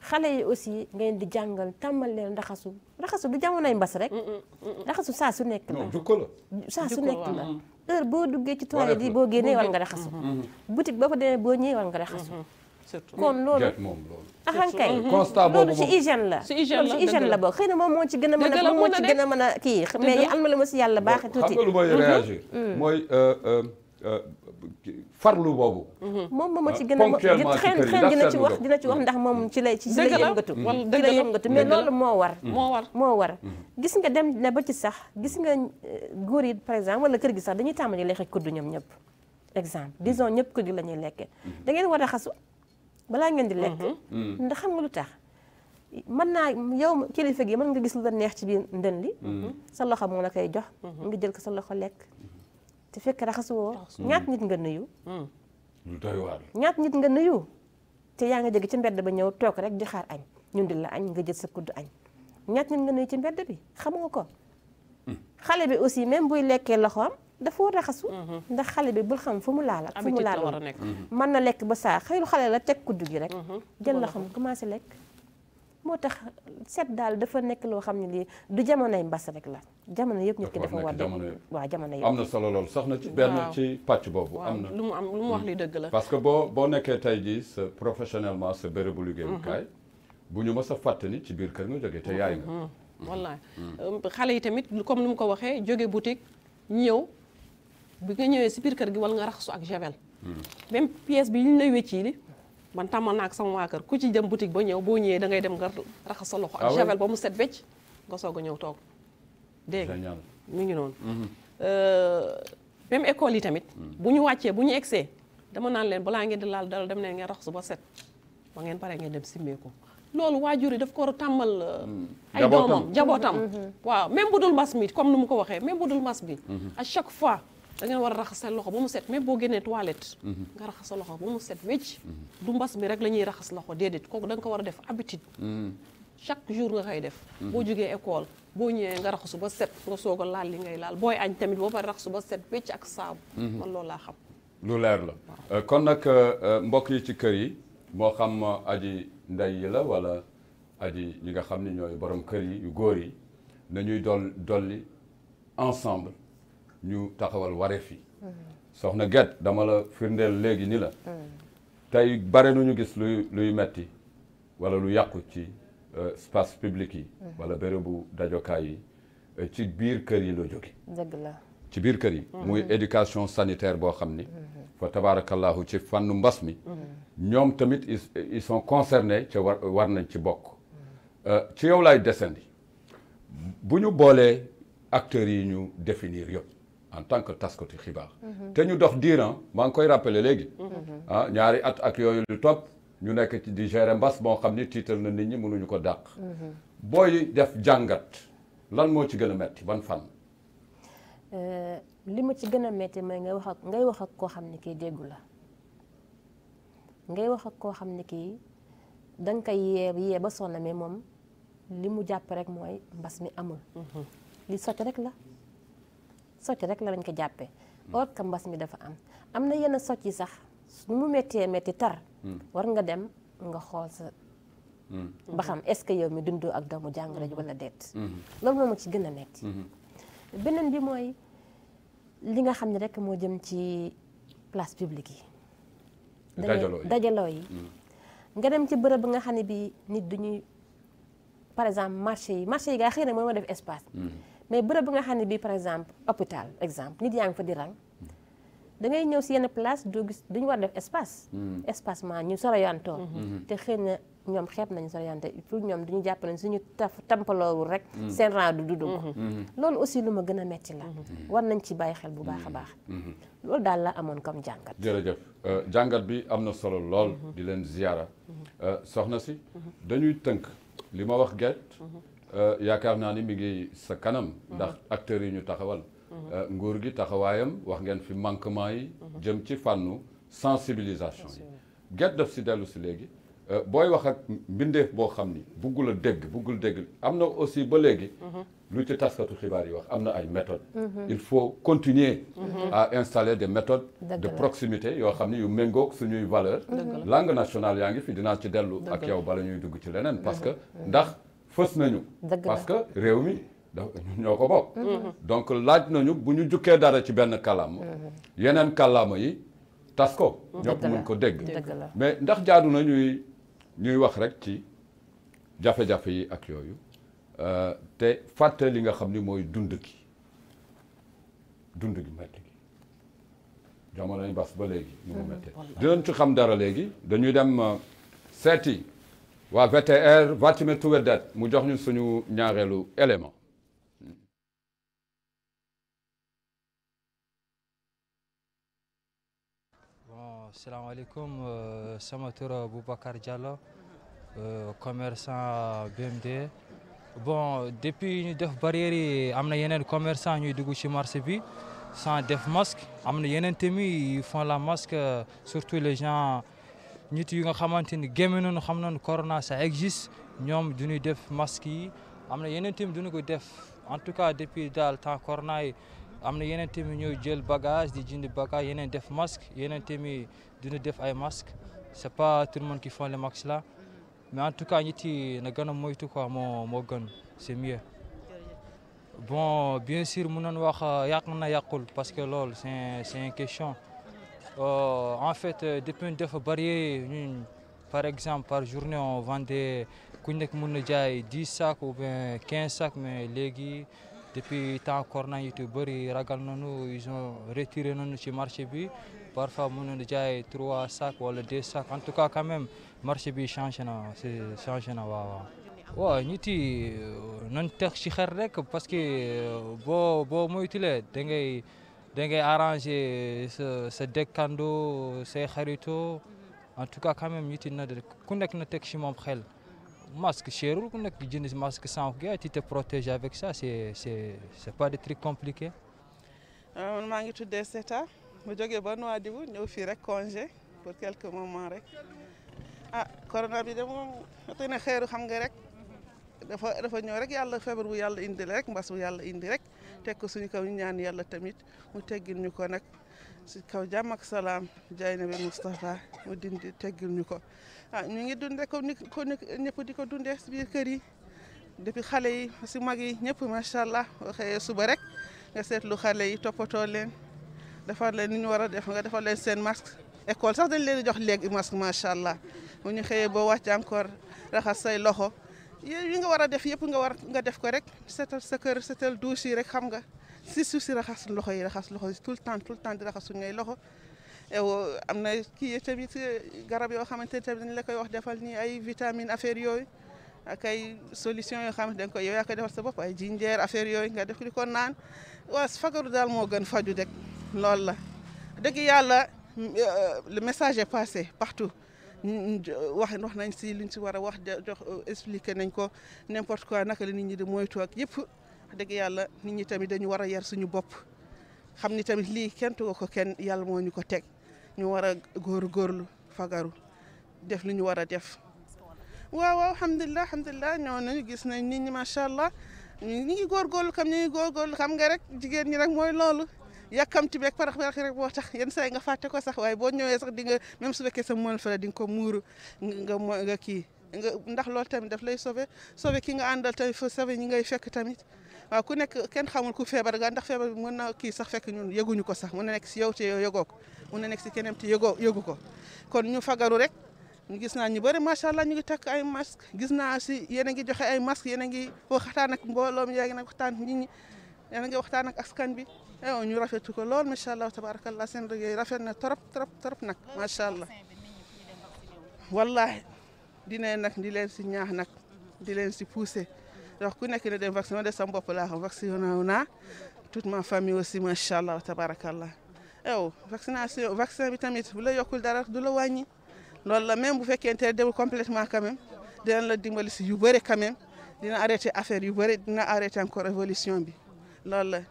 xale yi aussi ngeen di jàngal tàmbal leen raxasu raxasu du jamonoy mbas rek mm, mm, mm, raxasu saa su nekk la jukko su nekk la heure boo duggee ci toilette yi boo génnee war nga raxasu boutique boo fa demee boo ñëwee war nga raxasu surtout kon loolu moom loolu. ahankay euh, constat boobu loolu ci hygiène la. ci la boo xam ne moom moo ci gën a mën a moo gën a mën a kii mais yal na ma si yàlla baaxee tuuti. xam nga lu may réagir. Mm-hmm. Mm. mooy euh, euh, farlu boobu. moom mm-hmm. moom moo ci ah, gën a xëy xëy dina ci wax dina ci wax ndax moom ci lay ci lay yëngatu. ci lay yëngatu mais loolu mm-hmm. moo war. moo war moo war. gis nga dem ne ba ci sax gis nga góor yi par exemple wala kër gi sax dañuy tàmbali lekk kuddu ñoom ñëpp exemple disons ñëpp kuddu la ñuy lekkee war a xasu balaa ngeen di lekk. Mhm. Mm. ndax xam nga lu tax. mën naa yow kilifa gi mën nga gis lu la neex ci biir ndën li mm. sa loxo moom la koy jox. Mhm. nga jël ko sa loxo lekk. Mm-hmm. te fekk raxas woo ñaat nit nga nuyu. Mm. lu ñaat nit nga nuyu. te yaa ngi jóge ci mbedd ba ñëw toog rek di añ ñun di la añ nga jël sa kudd añ ñaat nit nga nuyu ci mbedd bi xam nga ko. xale bi aussi même buy lekkee loxoom. dafa war a raxasu mhm. ndax xale bi bul xam fu mu laal ak fu mu laal mhm. mën na lekk ba saa xëy lu xale la teg kuddu gi rek mhm. jël la xam commencé lekk moo tax set daal dafa nekk loo xam ne lii du jamonoy mbas rek la jamono yëpp nit ki dafa war waaw jamono yëpp am na solo lool sax na ci benn ci pàcc boobu am na lu mu am lu mu wax li dëgg la parce que boo boo nekkee tey ji sa professionnellement sa bérébu liggéeyukaay bu ñu mës a fàtte ci biir kër nga jógee te yaay nga wallaay um, xale yi tamit comme lu mu ko waxee jóge boutique ñëw bi nga ñëwee si biir kër gi wal nga raxasu ak javel même pièce bi ñu lay wéccili man tàmmal naa ak sama kër ku ci dem boutique ba ñëw boo ñëwee da ngay dem nga raxas sa loxo ak ah javel ba mu set wecc nga soog a ñëw toog dégg nga mu ngi noonu mhm. euh, même école yi tamit bu ñu wàccee bu ñu egsee dama naan leen balaa ngeen di laal dara dem leen ngeen raxasu ba set ba ngeen pare ngeen dem simmeeku loolu waajur yi daf ko war a tàmmal euh, mm. ay doomam jabootam mhm. waaw même bu dul mas mi comme nu mu ko waxee même bu dul mas bi a mhm. chaque fois da war a raxas sa loxo ba mu set même boo génnee toilette. nga raxas sa loxo ba mu set wecc. du mbas mi rek la ñuy raxas loxo déedéet kooku da ko war a def habitude. chaque jour nga koy def. boo jógee école boo ñëwee nga raxasu ba set nga soog a laal li ngay laal booy añ tamit boo pare raxasu ba set wecc ak saabu. man loolu laa xam. lu leer la kon nag euh, euh, mbokk yi ci kër yi moo xam aji ndey yi la wala aji ñi nga xam ni ñooy borom kër yi yu góor yi nañuy dol dolli ensemble. ñu taxawal wareef yi soxna Guèye dama la firndeel léegi ni la tey bare nañu gis luy luy metti wala lu yàqu ci euh, space public yi wala bérébu dajokaay yi euh, ci biir kër yi loo jóge ci biir kër yi mm-hmm. muy éducation sanitaire boo xam ni mm-hmm. fa tabaarakallahu ci fànnu mbas mi mm-hmm. ñoom tamit ils sont concernés ca war nañ ci bokk euh, ci yow laay desandi bu ñu boolee acteurs yi ñu définir yëpp en tant que taskati xibaar. te ñu dox diiran ah, maa ngi koy rappelé léegi. ah ñaari at ak yooyu lu topp ñu nekk ci di gérer mbas moo xam ni tiital na nit ñi mënuñu ko dàq. booy def jàngat lan moo ci gën a metti ban fan. Euh, li ma ci gën a metti mooy ngay ngay wax ak koo xam ne kii déggu la ngay wax koo xam ne kii danga koy yee yee ba moom li mu jàpp rek mooy mbas mi amul. Mhm. li sotti rek la. socc rek la dañ ko jàppee or que mbas mi dafa am am na yenn socc yi sax mu méttee metti tar hmm. war nga dem nga xool sa hmm. ba xam est-ce que yow mi dundoo ak doomu jàngoro ji wala deet hmm. loolu moom ci gën a metti beneen bi mooy li nga xam ne rek moo jëm ci place publique yi dajaloo yi nga dem ci bërëb nga xam ne bi nit duñuy par exemple marché yi marché yi gaa xëy na mooy def espace mais bërëb bi nga xam ne bi par exemple hôpital exemple nit yaa ngi fa di rang da ñëw si yenn place doo gis duñu war def espace mm. espacement ñu soroyantoo mm-hmm. mm-hmm. te xëy na ñoom xeeb nañu soroyante pour ñoom duñu jàpp nañ suñu taf tampaloowul rek mm. seen rang du dugg mm-hmm. loolu aussi lu ma gën a metti la war nañ ci bàyyi xel bu baax a baax loolu daal la amoon comme jàngat jërëjëf euh, jàngat bi am na solo lool di leen ziyaara euh, soxna si dañuy tënk li ma wax gert Euh, yaakaar naa ni mi ngi sa kanam. Mhm. ndax acteurs yi ñu taxawal. Mhm. Euh, nguur gi taxawaayam wax ngeen fi manquement yi. Mhm. jëm ci fànnu sensibilisation yi. gerte def si dellu si léegi euh, booy wax ak mbindeef boo xam ni buggul a dégg buggul dégg am na aussi ba léegi. lu ci taskatu xibaar yi wax am na ay méthodes. il faut continuer. a installer de méthodes. de proximité yoo xam ni yu méngoog suñuy valeur langue nationale yaa ngi fii dinaa ci dellu. ak yow bala ñuy dugg ci leneen fës nañu. parce que réew mi ñoo ko bokk. Mm-hmm. donc laaj nañu bu ñu jukkee dara ci benn kàllaama. Mm-hmm. yeneen kàllaama yi tas ko. Mm-hmm. ñëpp mun ko dégg. mais ndax jaadu na ñuy ñuy wax rek ci jafe-jafe yi ak yooyu euh, te fàtte li nga xam ni mooy dund gi dund gi metti gi jamono yi bas ba léegi. ni mu mettee dinañ ci xam dara léegi dañuy dem euh, seeti. waa VTR Vatimer Touwedat mu jox ñu suñu ñaareelu élément bon salaamaaleykum euh, sama tur euh, Boubacar Diallo euh, commerçant BMD bon depuis ñu def barrière yi am na yeneen commerçant ñuy dugg ci marché bi sans def masque am na yeneen tamit ils la masque surtout les gens nit yi nga xamante ni gémme nañu xam nañu corona ça existe ñoom du ñuy def masque yi am na yeneen tamit du ñu def en tout cas depuis daal temps corona yi am na yeneen tamit ñooy jël bagage di jëndi bagage yeneen def masque yeneen tamit du def ay masque c'est pas tout le monde qui font les masques là mais en tout cas nit yi na gën moytu quoi moo moo gën c'est mieux. bon bien sûr mun nañu wax yàq na yàqul parce que loolu c'est c'est une question. Euh, en fait euh, depuis ñu dafa par exemple par journée on vendait ku nekk mën na jaay dix sacs ou bien quinze sacs mais léegi depuis temps corona yi tu bëri ragal nañu ils ont retiré nañu ci marché bi parfois mën nañu jaay trois sacs wala deux sac en tout cas quand même marché bi changé na c'est changé na waaw waaw. waaw ñu ti nañ rek parce que bo euh, boo moytulee da ngay arrangé sa sa dëkkandoo say xaritoo mm-hmm. en tout cas quand même ñu na de ku nekk na teg ci moom xel masque cherul ku nekk jënd masque sans gars tu te protèges avec ça c'est c'est c'est pas des trucs compliqués. Euh, man maa ngi tuddee Seta mu jógee ba Nouadhibou ñëw fii rek congé pour quelques moments rek ah corona bi na xeeru xam nga rek mm-hmm. dafa dafa ñëw rek yàlla feebar bu yàlla indi rek mbas bu yàlla indi rek. teg ko suñu kaw ñu ñaan yàlla tamit mu teggil ñu ko nag si kaw jàmm ak salaam jaay na bi Moustapha mu dindi teggil ñu ko ah ñu ngi dundee ko ni ko ñëpp di ko dundee si biir kër yi depuis xale yi si mag yi ñëpp macha allah xëyee suba rek nga seetlu xale yi toppatoo leen defar leen ñu war a def nga defar leen seen masque école sax dañ leen jox léegi masque macha allah bu ñu xëyee boo wàcc encore raxas say loxo. yi nga war a def yëpp nga war nga def ko rek setal sa kër setal douche yi rek xam nga si suuf si raxas loxo yi raxas loxo yi tout le temps tout le temps di raxas suñu ngay loxo. ew am na kii tamit garab yoo xamante ne tamit dañ la koy wax defal ni ay vitamine affaire yooyu ak ay solution yoo xamante dañ koy yow yaa koy defal sa bopp ay jinjeer affaire yooyu nga def ko ko naan waaw fagaru daal moo gën faju dek loolu la dëgg yàlla euh, le message est passé partout wax wax nañ si liñ si war a wax jox euh, expliqué nañ ko n'importe quoi naka la nit ñu di moytu ak yëpp wax dëgg yàlla nit ñi tamit dañu war a yar suñu bopp xam ni tamit lii kenn tugga ko kenn yàlla moo ñu ko teg ñu war a góorgóorlu fagaru def li ñu war a def waaw waaw alhamdulilah alhamdulilah ñoo nañu gis nañ nit ñi macha allah ñu ngi góorgóorlu kam ñu ngi góorgóorlu xam nga rek jigéen ñi rek mooy loolu yàkkamti beeg parax parax rek boo tax yenn saa yi nga fàtte ko sax waaye boo ñëwee sax di nga même su fekkee sa mënal fa la di nga ko muuru nga nga ndax lool tamit daf lay sauver sauver ki nga àndal tamit fa sauver ñi ngay fekk tamit waaw ku nekk kenn xamul ku feebar ga ndax feebar bi mën na kii sax fekk ñun yëguñu ko sax mën na nekk si yow te yow ko mën nekk si keneen ti yëgoo yëgu ko kon ñu fagaru rek gis naa ñu bëri macha allah ñu ngi takk ay masque gis naa si yéen a ngi joxe ay masque yéen ngi waxtaan ak mbooloom yaa ngi nag waxtaan nit ñi yàlla nga waxtaan ak askan bi aywa ñu rafetu ko lool macha allah tabarakallah seen liggéey rafet na trop trop trop nag macha allah. wallaahi dinañ nag di leen si ñaax nag di leen si poussé donc ku nekk ne dem vacciné de sam bopp laa xam vacciné naa toute ma famille aussi macha allah tabarakallah aywa vaccination vaccin bi tamit bu la yokkul dara du la wàññi loolu la même bu fekkente ne demul complètement quand même dinañ la dimbali si yu bëri quand même dina arrêté affaire yu bëri dina arrêté encore évolution bi. loolu la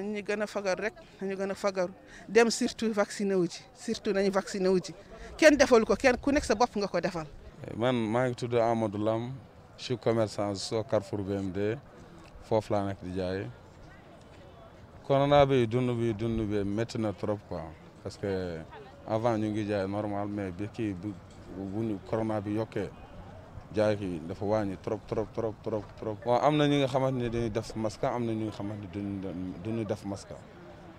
nañ ñu gën a fagaru rek nañu gën a fagaru dem surtout vacciné wu ci surtout nañu vacciné wu ci kenn defal ko kenn ku nekk sa bopp nga ko defal. man maa ngi tudd Amadou Lam je suis commerçant soo Carrefour de foofu laa nekk di jaay corona bi dund bi dund bi métti na trop quoi parce que avant ñu ngi jaay normal mais bi kii bu bu bi yokkee. jaay ki dafa wàññi trop trop trop trop trop. waaw am na ñi nga xamante ne dañuy def maska am na ñi nga xamante ne duñu def maska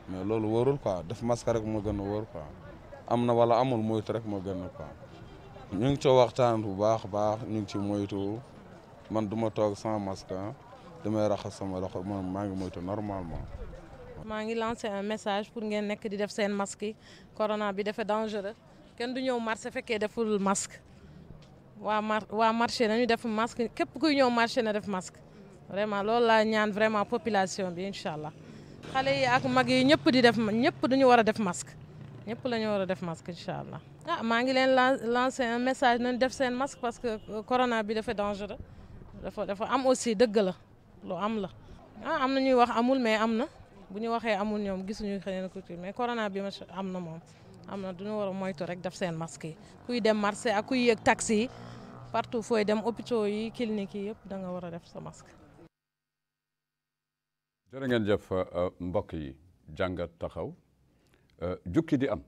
mais loolu wóorul quoi def maska rek moo gën a wóor quoi am na wala amul moytu rek moo gën a quoi. ñu ngi ci waxtaan bu baax a baax ñu ngi ci moytu man du ma toog sans masque ah. damay raxas sama loxo man maa ngi moytu normalement. maa ngi lancé un message pour ngeen nekk di def seen masque yi corona bi dafa dangereux kenn du ñëw marché fekkee deful masque. waa mar waa marché nañu def masque képp kuy ñëw marché na def masque vraiment loolu laa ñaan vraiment population bi incha allah xale yi ak mag yi ñëpp di def ñëpp dañu war a def masque ñëpp la ñu war a def masque incha allah ah maa ngi leen lancé un message nañu def seen masque parce que euh, corona bi dafa dangereux dafa dafa am aussi dëgg la loo am la ah am na ñuy wax amul mais am na bu ñu waxee amul ñoom gisuñu xëy na couture mais corona bi ma am na moom am na du duñu war a moytu rek def seen masque yi kuy dem marché ak kuy yëg taxi yi partout fooy dem hôpitaux yi cliniques yi yëpp da war a def sa masque. jërë ngeen jëf euh, mbokk yi jàngat taxaw euh, jukki di am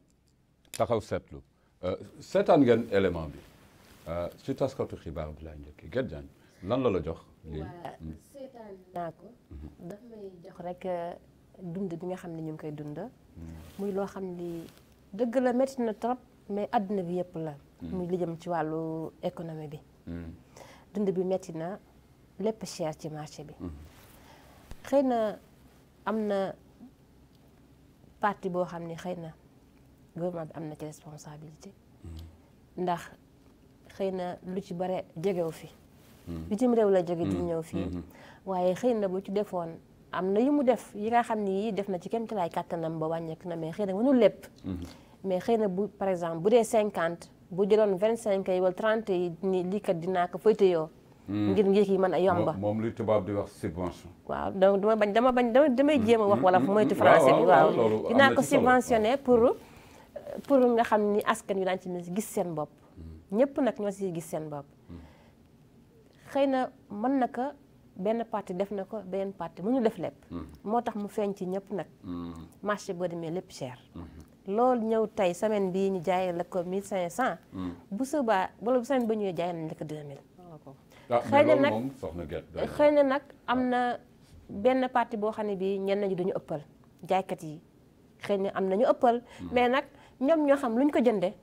taxaw seetlu euh, seetaan ngeen élément bi si taskatu xibaar bi laa njëkk Guèye Diagne lan la la jox. Hmm. seetaan naa ko. Mhm. daf may jox rek dund bi nga xam ne ñu ngi koy dund. Hmm. muy loo xam ni. dëgg la métti na trop mais àddina bi yëpp la. Hmm. muy li jëm ci wàllu économie bi. Hmm. dund bi métti na lépp cher ci marché bi. Hmm. xëy na am na parti boo xam ni xëy na gouvernement bi am na ci responsabilité. ndax xëy na lu ci bare jegew fi. bitim réew la jóge di ñëw fii. waaye xëy na bu ci defoon. am na yu mu def yi nga xam ni def na ci kéem tolluwaay kàttanam ba wàññeek na mais xëy na mënul lépp. Mm-hmm. mais xëy na bu par exemple bu dee cinquante bu jëloon vingt cinq yi wala trente yi ni lii kat dinaa ko faytayoo. Mm-hmm. ngir ngir yi mën a yomba. moom li tubaab di wax subvention. waaw donc dama bañ dama bañ damay jéem a wax wala moytu mm-hmm. français bi waaw dinaa ko subventionné pour pour nga xam ni askan wi daan ci gis seen bopp. ñëpp nag ñoo si gis seen bopp. xëy na mën na ko benn parti def na ko benn parti mënu def lépp. Hmm. moo tax mu feeñ ci ñëpp nag. Hmm. marché boo demee lépp cher. Hmm. loolu ñëw tey semaine bii ñu jaayee la ko cent bu subaa wala bu semaine ba ñëwee jaayee nañ la ko 2000. Ah, ah, xëy na nag xëy na nag am ah. na benn parti boo xam ne bii ñenn ñi dañu ëppal jaaykat yi xëy na am na ñu ëppal. mais nag ñoom ñoo xam luñ ko jëndee.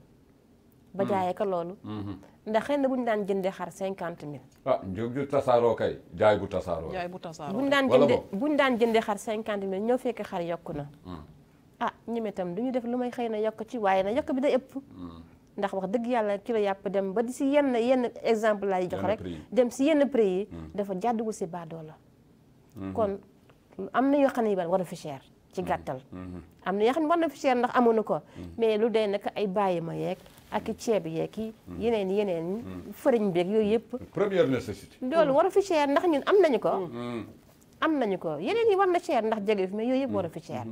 ba mm. jaayee ko loolu. Mm-hmm. ndax xëy na bu ñu daan jëndee xar cinquante mille. ah njëg ju tasaaroo kay jaay bu tasaaroo. bu tasaaroo bu ñu daan jëndee bu ñu daan jëndee xar cinquante mille ñëw fekk xar yokku na. Mm. ah ñeme itam du ñu def lu may xëy na yokk ci waaye na yokk bi da ëpp. Mm. ndax wax dëgg yàlla kilo yàpp dem ba di si yenn yenn exemple laay jox rek. dem si yenn prix yi. dafa jàdduwul si baadoo la. Mm-hmm. kon am na yoo xam ba yu war fi cher. ci mm-hmm. gàttal. am na yoo xam ne na fi ko. mais lu dee nag ay bàyyi ma yeeg ak ceeb yee yi hmm. yeneen yeneen hmm. fëriñ beeg yooyu yëpp première nécessité loolu war a fi cher ndax ñun am nañu ko hmm. am nañu ko yeneen yi war na cher ndax jege fi mais yooyu yëpp war a fi cher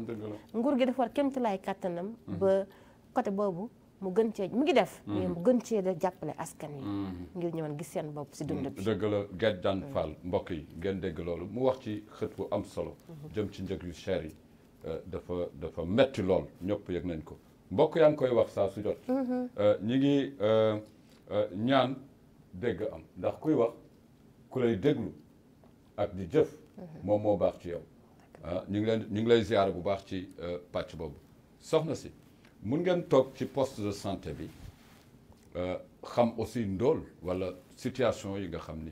nguur gi dafa war kémtu laay kàttanam ba côté boobu mu gën cee mu ngi def mu gën cee da jàppale askan yi ngir ñu mën gis seen bopp si dund bi dëgg la Gaye Dane Fall mbokk yi ngeen dégg loolu mu wax ci xët bu am solo jëm ci njëg yu cher yi euh, dafa dafa metti lool ñëpp yëg nañ ko mbokk yaa ngi koy wax saa su jot. Mm-hmm. Euh, ñi ngi euh, euh, ñaan dégg am ndax kuy wax ku lay déglu ak di jëf. Mm-hmm. moom moo baax ci yow. Ah, ñu ngi leen ñu ngi lay ziar bu baax ci pàcc boobu soxna si mun ngeen toog ci poste de santé bi xam aussi ndool wala situation yi nga xam ni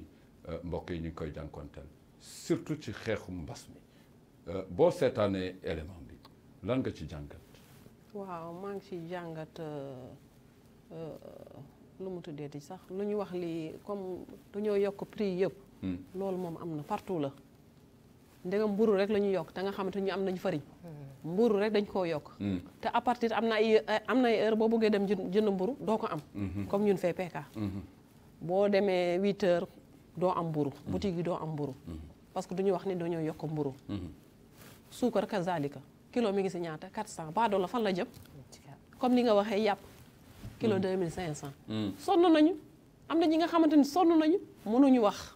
mbokk yi ñu ngi koy jànkonteel surtout ci xeexum mbas mi boo seetaanee élément bi lan nga ci jàngal. waaw maa ngi ci jàngat euh, euh, lu mu tuddee sax lu ñu wax lii comme dañoo yokk prix yëpp. Hmm. loolu moom am na partout la. ndegam mburu rek la ñu yokk te nga xamante ñu am nañu fariñ. Hmm. mburu rek dañ koo yokk. Hmm. te à partir am na ay am na ay heure boo buggee dem jënd mburu doo ko am. comme ñun fee PK. boo demee huit heures doo am mburu boutique yi doo am mburu parce que du wax ni dañoo yokk mburu suukar kazalika kilo mi ngi si ñaata 400 baadoo la fan la jëm. comme ni nga waxee yàpp. kilo 2500. Mm. Mm. sonn nañu am na ñi nga xamante ni sonn nañu mënuñu wax.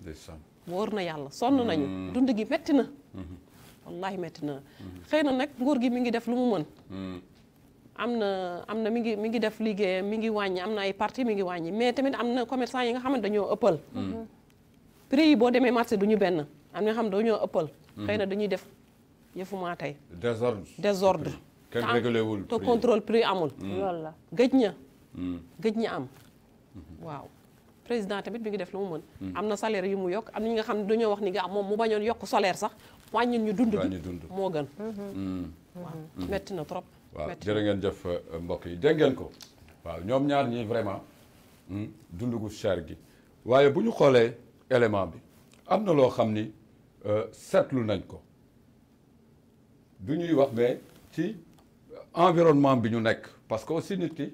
wóor na yàlla sonn mm. nañu. dund gi metti na. Mm-hmm. wallahi metti na mm-hmm. xëy na nag nguur gi mi ngi def lu mu mën. am na am na mi ngi mi ngi def liggéeyam mi ngi wàññi am na ay parti mi ngi wàññi mais tamit am na commerçant yi nga xam ne dañoo ëppal. prix yi boo demee marché du ñu benn am na nga xam doo ñoo ëppal. xëy na dañuy def yëfu maa tey. désordre désordre. kenn réglé wul te contrôle prix amul. loolu mm. la mm. gëj ña. Mm. gëj ña am mm-hmm. waaw. président tamit bi ngi def lu mu mën. am na salaire yu mu yokk am na ñi nga xam ne dañoo wax ni nga ah moom mu bañoon yokk salaire sax wàññil ñu dund gi moo gën. Mm-hmm. Mm-hmm. waaw metti na trop. waaw jërë ngeen jëf euh, mbokk yi dégg ngeen ko waaw ñoom ñaar ñi vraiment dund gu cher gi waaye bu ñu xoolee élément bi am na loo xam ni euh, seetlu nañ ko. du ñuy wax mais ci environnement bi ñu nekk parce que aussi nit ki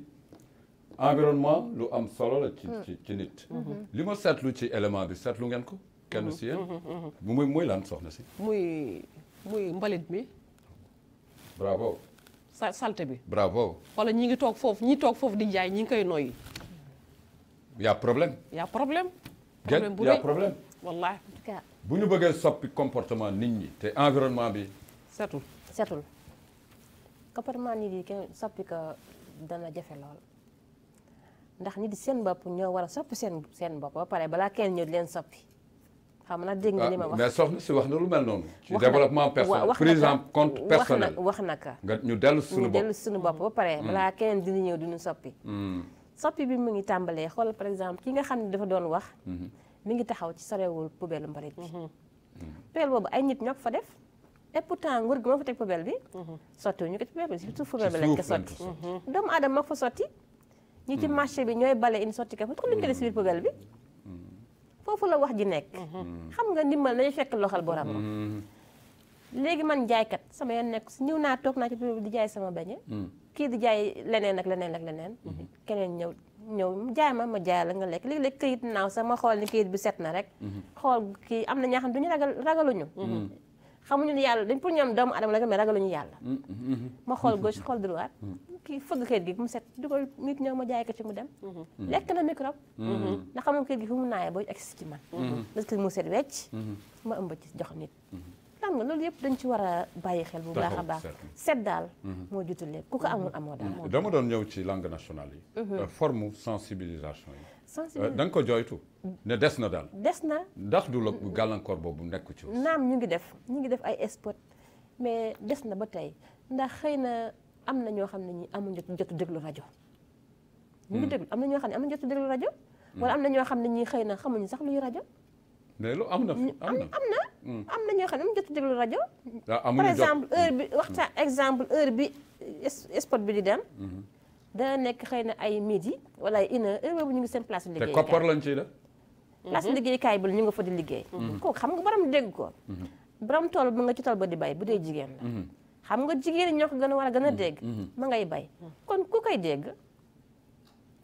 environnement lu am solo la ci ci ci nit mm-hmm. Mm-hmm. li ma seetlu ci élément bi seetlu ngeen ko kenn si yéen bu mm-hmm. muy muy lan soxna si muy muy mbalit mi bravo sa salte bi bravo wala ñi ngi toog foofu ñi toog foofu di jaay ñi ngi koy noyyi y a problème y problème problème bu y a bu ñu bëggee soppi comportement nit ñi te environnement bi setul setul Koperman yi di kenn soppi ko dana jafe lool ndax nit seen bopp ñoo war a soppi seen seen bopp ba pare balaa kenn ñëw di leen soppi. xam na dégg ah, li ma wax mais soxna wax na lu mel wax na wax ñu dellu suñu bopp suñu bopp ba pare. Mm. balaa keneen dina ñëw dunu soppi. Mm. soppi bi mu ngi tàmbalee xool par exemple ki nga xam ne dafa doon wax. Mm-hmm. mi ngi taxaw ci sorewul poubelle mbalit bi. Mm-hmm. poubelle boobu ay nit ñoo fa def. et pourtant nguur gi moo fa teg poubelle bi. Mhm. sotti ñu ko ci poubelle bi lañ ko sotti. Mhm. doomu aadama moo fa sotti. ñi ci mhm. marché bi ñooy bale in sotti ko fa tax luñ ko si biir poubelle bi. foofu la wax ji nekk. xam nga ndimbal nañu fekk loxal boram. léegi man jaaykat sama yoon nekk si ñëw naa toog naa ci di jaay sama beñe kii di jaay leneen ak leneen ak leneen. keneen ñëw ñëw jaay ma ma jaay la nga lekk léeg-léeg këyit naaw sax ma xool ni këyit bi set na rek. xool kii am na ñoo xam duñu ragal ragaluñu. xamuñu ne yàlla dañ pour ñoom doomu adama la mais ragaluñu yàlla mm, mm, mm, ma xool gauche xool droite kii fëgg kayit gi mu set dugal nit ñëw ma jaay ko ci mu mm-hmm. na microbe mm-hmm. ndax xamul kayit gi fu mu naayee ba agsi ci man mm-hmm. parce que mu set wecc ma ëmb ci jox nit xam nga loolu yëpp dañ ci war a bàyyi xel bu baax a baax set daal moo jutul lépp ku ko amul amoo daal dama doon ñëw ci langue nationale yi euh, forme sensibilisation yi sensibiliser euh, da nga ko jooytu. ne des na daal des na. ndax du la gàllankoor boobu nekk ci. naam ñu ngi def ñu ngi def ay spot mais des na ba tey ndax xëy na am na ñoo xam ne ñi amuñu jotu déglu rajo. ñu ngi hmm. déglu am na ñoo xam ne amuñu jotu déglu rajo. Hmm. wala am na ñoo xam ne ñi xëy na xamuñu sax luy rajo. mais lu am na am na am na. Hmm. am na ñoo xam ne amuñu jotu déglu rajo. Ah, par exemple heure bi waxtaan exemple heure bi spot bi di dem. dana nekk xëy na ay midi wala ay une heure boobu ñu ngi seen place liggéeykaay te koppar lañ mm-hmm. bi la ñu nga fa di liggéey. Mm-hmm. kooku xam nga borom dégg ko. Mm-hmm. borom tool bi nga ci tool ba di bay bu dee jigéen la. xam nga jigéen ñi ñoo ko gën a war a gën a dégg. ma ngay bay kon ku koy dégg.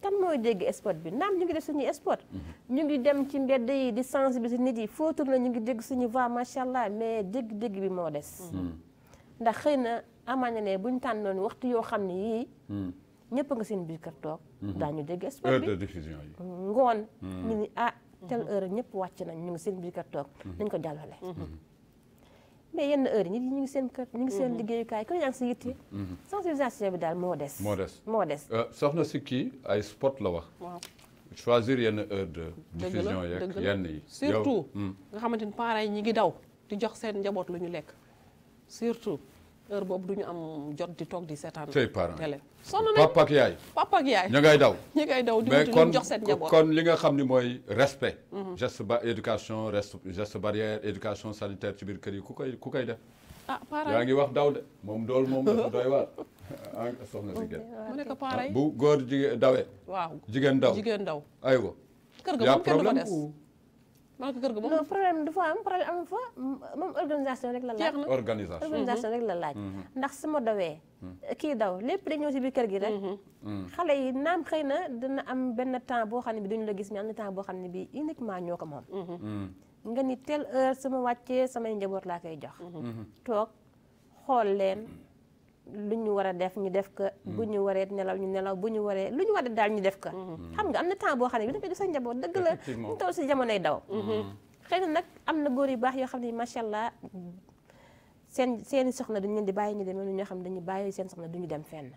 kan mooy dégg sport bi naam ñu ngi def suñuy sport ñu ngi dem ci mbedd yi di bi si nit yi foo tourné ñu ngi dégg suñu voix macha allah mais dégg-dégg bi moo des. ndax xëy na amaana ne buñ tànnoon waxtu yoo xam ne yii. ñëpp nga seen biir kër toog. Mhm. daañu dégg sport bi heure de diffusion yi. ngoon mhm. ñu ni ah. telle heure ñëpp nañ ñu ngi seen bi kër toog. Mhm. nañ ko jàllale. mais yenn heure yi ñu ngi seen kër ñu ngi seen liggéeyukaay ku ne yaa ngi si yitte. sensibilisation bi daal moo des. moo des moo des. Euh, soxna si kii ay sport la wax. choisir yenn heure de. diffusion yeeg yenn yi surtout. Hmm. nga xamante ni parents yi ñu ngi daw di jox seen njaboot lu ñu lekk surtout. heure boobu du ñu am jot di toog di seetaan. tey parents télé sonn yaay. papa daw. [laughs] ña daw di ñu jox seen njaboot kon li nga xam ni mooy respect. Mhm. geste ba éducation reste barrière éducation sanitaire ci biir kër yi ku koy ku koy def. ah yaa ngi wax daw de moom dool moom dooy [laughs] doy waar. [laughs] Ah, bu góor jigéen dawee. waaw jigéen daw jigéen daw aywa. kër ga moom maa kër ga non problème du fa am problème am fa moom organisation rek la laaj. organisation rek la laaj. Mm-hmm. Mm-hmm. ndax sama ma mm-hmm. kii daw lépp dañ ñëw si biir kër gi rek. xale yi naam xëy na dina am benn temps boo xam ne bi dañu la gis mais am na temps boo xam ne bi uniquement ñoo ko moom. nga ni telle heure su wàccee samay njaboot laa koy jox. toog xool leen. lu ñu war a def ñu def ko mm. bu ñu waree nelaw ñu nelaw bu ñu waree lu ñu war a daal ñu def ko mm-hmm. Mm-hmm. xam nga am na temps boo xam ne bi dafay gis sa njaboot dëgg la ñu toll si jamonoy daw mm-hmm. xëy na am na góor yu baax yoo xam ne macha allah seen seeni soxna duñu leen di bàyyi ñu demee nu ñoo xam ne bàyyi seen soxna duñu dem fenn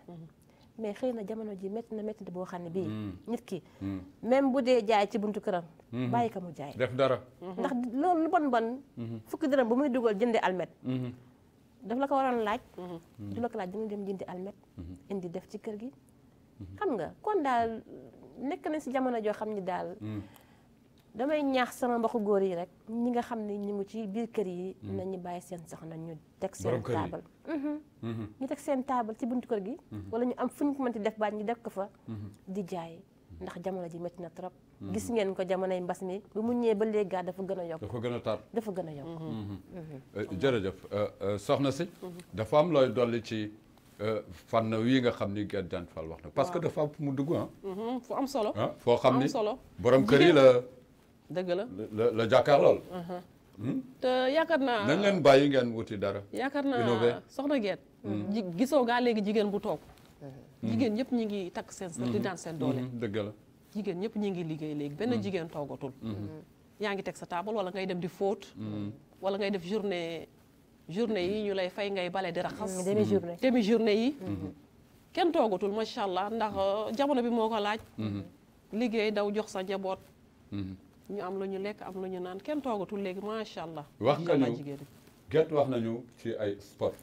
mais xëy na jamono ji métti na métti boo xam ne bii ñit mm. ki mm. même bu dee jaay ci buntu këram bayi ka mu jaay def dara ndax loolu lu bon bon fukki dërëm bu muy dugal jënde almet daf la ko waroon laaj. Mhm. du la ko laaj dina dem jëndi almet mhm. indi def ci kër gi. Mhm. xam nga kon daal nekk na si jamono joo xam ni daal. damay ñaax sama mbokku góor yi rek ñi nga xam ne ñu ngi ci biir kër yi. nañu bàyyi seen sax nañ ñu teg seen taabal. ñu teg seen taabal ci buntu kër gi. wala ñu am fu ñu ko mënti def baat ñu def ko fa. di jaay. ndax jamono ji métti na trop. gis ngeen ko jamonoy mbas mi bu mu ñëwee ba léegi dafa gën a yokk. dafa gën a tar dafa gën a yokk. Mm-hmm. Mm-hmm. Mm-hmm. jërëjëf euh, euh, soxna si. dafa am looy dolli ci euh, fànn wi nga xam ni Gaye Diagne Fall wax na. parce que dafa am mu dugg ah. fu am solo ah, foo xam ni borom kër la. [laughs] dëgg la la la jàkkaarlool. Uh-huh. Hmm? te yaakaar naa. nañ leen bàyyi ngeen wuti dara. yaakaar naa soxna Gaye. Hmm. gisoo gaa léegi jigéen bu toog. Mm-hmm. jigéen ñëpp ñi ngi takk seen sa di mm-hmm. daan seen doole mm-hmm. dëgg la jigéen ñëpp ñi ngi liggéey léegi benn jigéen toogatul yaa ngi teg sa taabal wala ngay dem di fóot wala ngay def journée journée yi ñu lay fay ngay bale di raxas demi journée yi kenn toogatul macha allah ndax euh, jamono bi moo ko laaj liggéey daw jox sa njaboot ñu am lu ñu lekk am lu ñu naan kenn toogatul léegi macha allah wax nañu gert wax nañu ci ay spot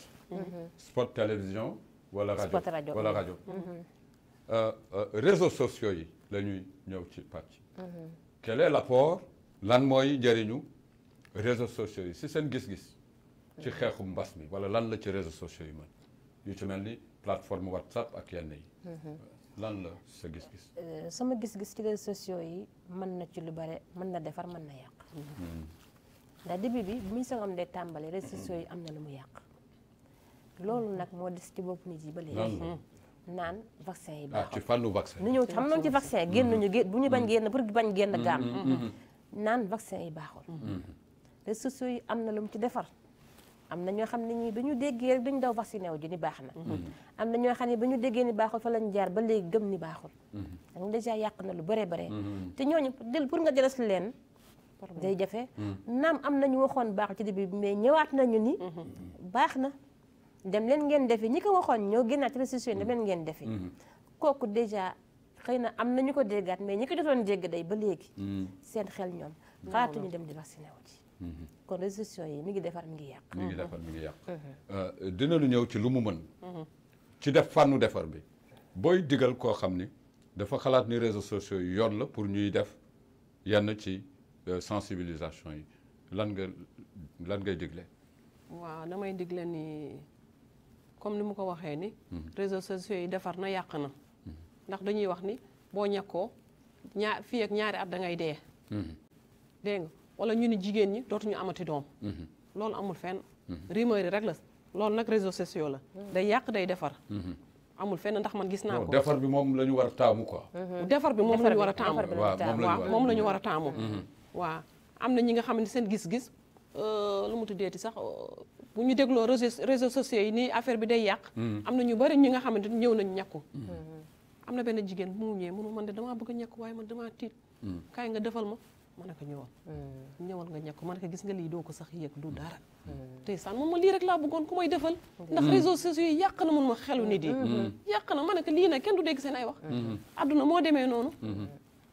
spot télévision wala rajo wala mm-hmm. rajo mm-hmm. Euh, euh, réseaux sociaux yi la ñëw ci pàcc mm-hmm. quel la l'apport lan mooy njëriñu réseaux sociaux yi si seen gis-gis ci xeexu mbas mi wala lan la ci réseaux sociaux yi mën yu ci mel ni plateforme WhatsApp ak yenn yi lan la sa gis-gis euh, sama gis-gis ci réseaux sociaux yi mën na ci lu bare mën na defar mën na yàq ndax début bi muy soog am dee tàmbali réseaux sociaux yi am na lu mu yàq loolu nag moo des ci bopp nit yi ba léegi naan vaccin yi baaxul ci fànnu vaccin ñu ñëw xam ci vaccin génn ñu génn bu ñu bañ génn pour bañ génn gaam naan vaccin yi baaxul réseaux sociaux am na lu mu ci defar am na ñoo xam ne ñii ba ñu déggee rek daw vacciné wu ji ni baax na hmm. am na ñoo xam ne ba ñu déggee ni baaxul fa lañ jaar ba léegi gëm ni baaxul hmm. danga dèjà yàq na lu bare bare hmm. te ñooñu del pour nga jëlas leen day jafe naam am nañu waxoon baaxul ci début bi mais ñëwaat nañu ni baax na dem leen ngeen defi ñi ko waxoon ñoo génnaat restitution dem leen ngeen defi mm-hmm. kooku déjà xëy na am nañu ko déggaat mais ñi ko jotoon dégg day ba léegi mm-hmm. seen xel ñoom xalaatuñu mm-hmm. dem di vacciné wu ci kon restitution yi mi ngi defar mi ngi mi ngi defar mi ngi yàq euh, dina lu ñëw ci lu mu mën ci def fànnu defar bi booy digal koo xam ni dafa xalaat ni réseaux sociaux yi yoon la pour ñuy def yenn ci euh, sensibilisation yi lan nga lan ngay digle waaw damay digle ni comme ni mu ko waxee ni mhm. réseaux sociaux yi defar na yàq na ndax dañuy wax ni boo ñàkkoo ñaar fii ak ñaari at dangay ngay dee mhm. nga wala ñu ni jigéen ñi dootuñu amati doom mhm. loolu amul fenn rumeur yi rek la loolu nag réseaux sociaux la day yàq day defar amul fenn ndax man gis naa ko defar bi moom la ñu war a taamu quoi defar bi moom la war a taamu waaw moom la ñu war a taamu waa am na ñi nga xam ne seen gis-gis euh, lu mu tuddeeti sax euh, bu ñu dégloo réseaux réseaux sociaux yi nii affaire bi day yàq. Mm. am na ñu bari ñi nga xamante ñëw nañ ñàkku. Mm. Mm-hmm. am na benn jigéen bu mu ñëwee mu man de dama bëgg a ñàkku waaye man damaa tiit. Mm. kaay nga defal ma ma ne ko ñëwal. ñëwal nga ñàkku ma ne gis nga lii doo ko sax yëg du dara. tey saan ma lii rek laa bëggoon ku may defal. ndax réseaux sociaux yi yàq na mun ma xelu nit yi. Mm-hmm. yàq na ma ne lii nag kenn du dégg seen ay wax. adduna mm-hmm. moo demee noonu.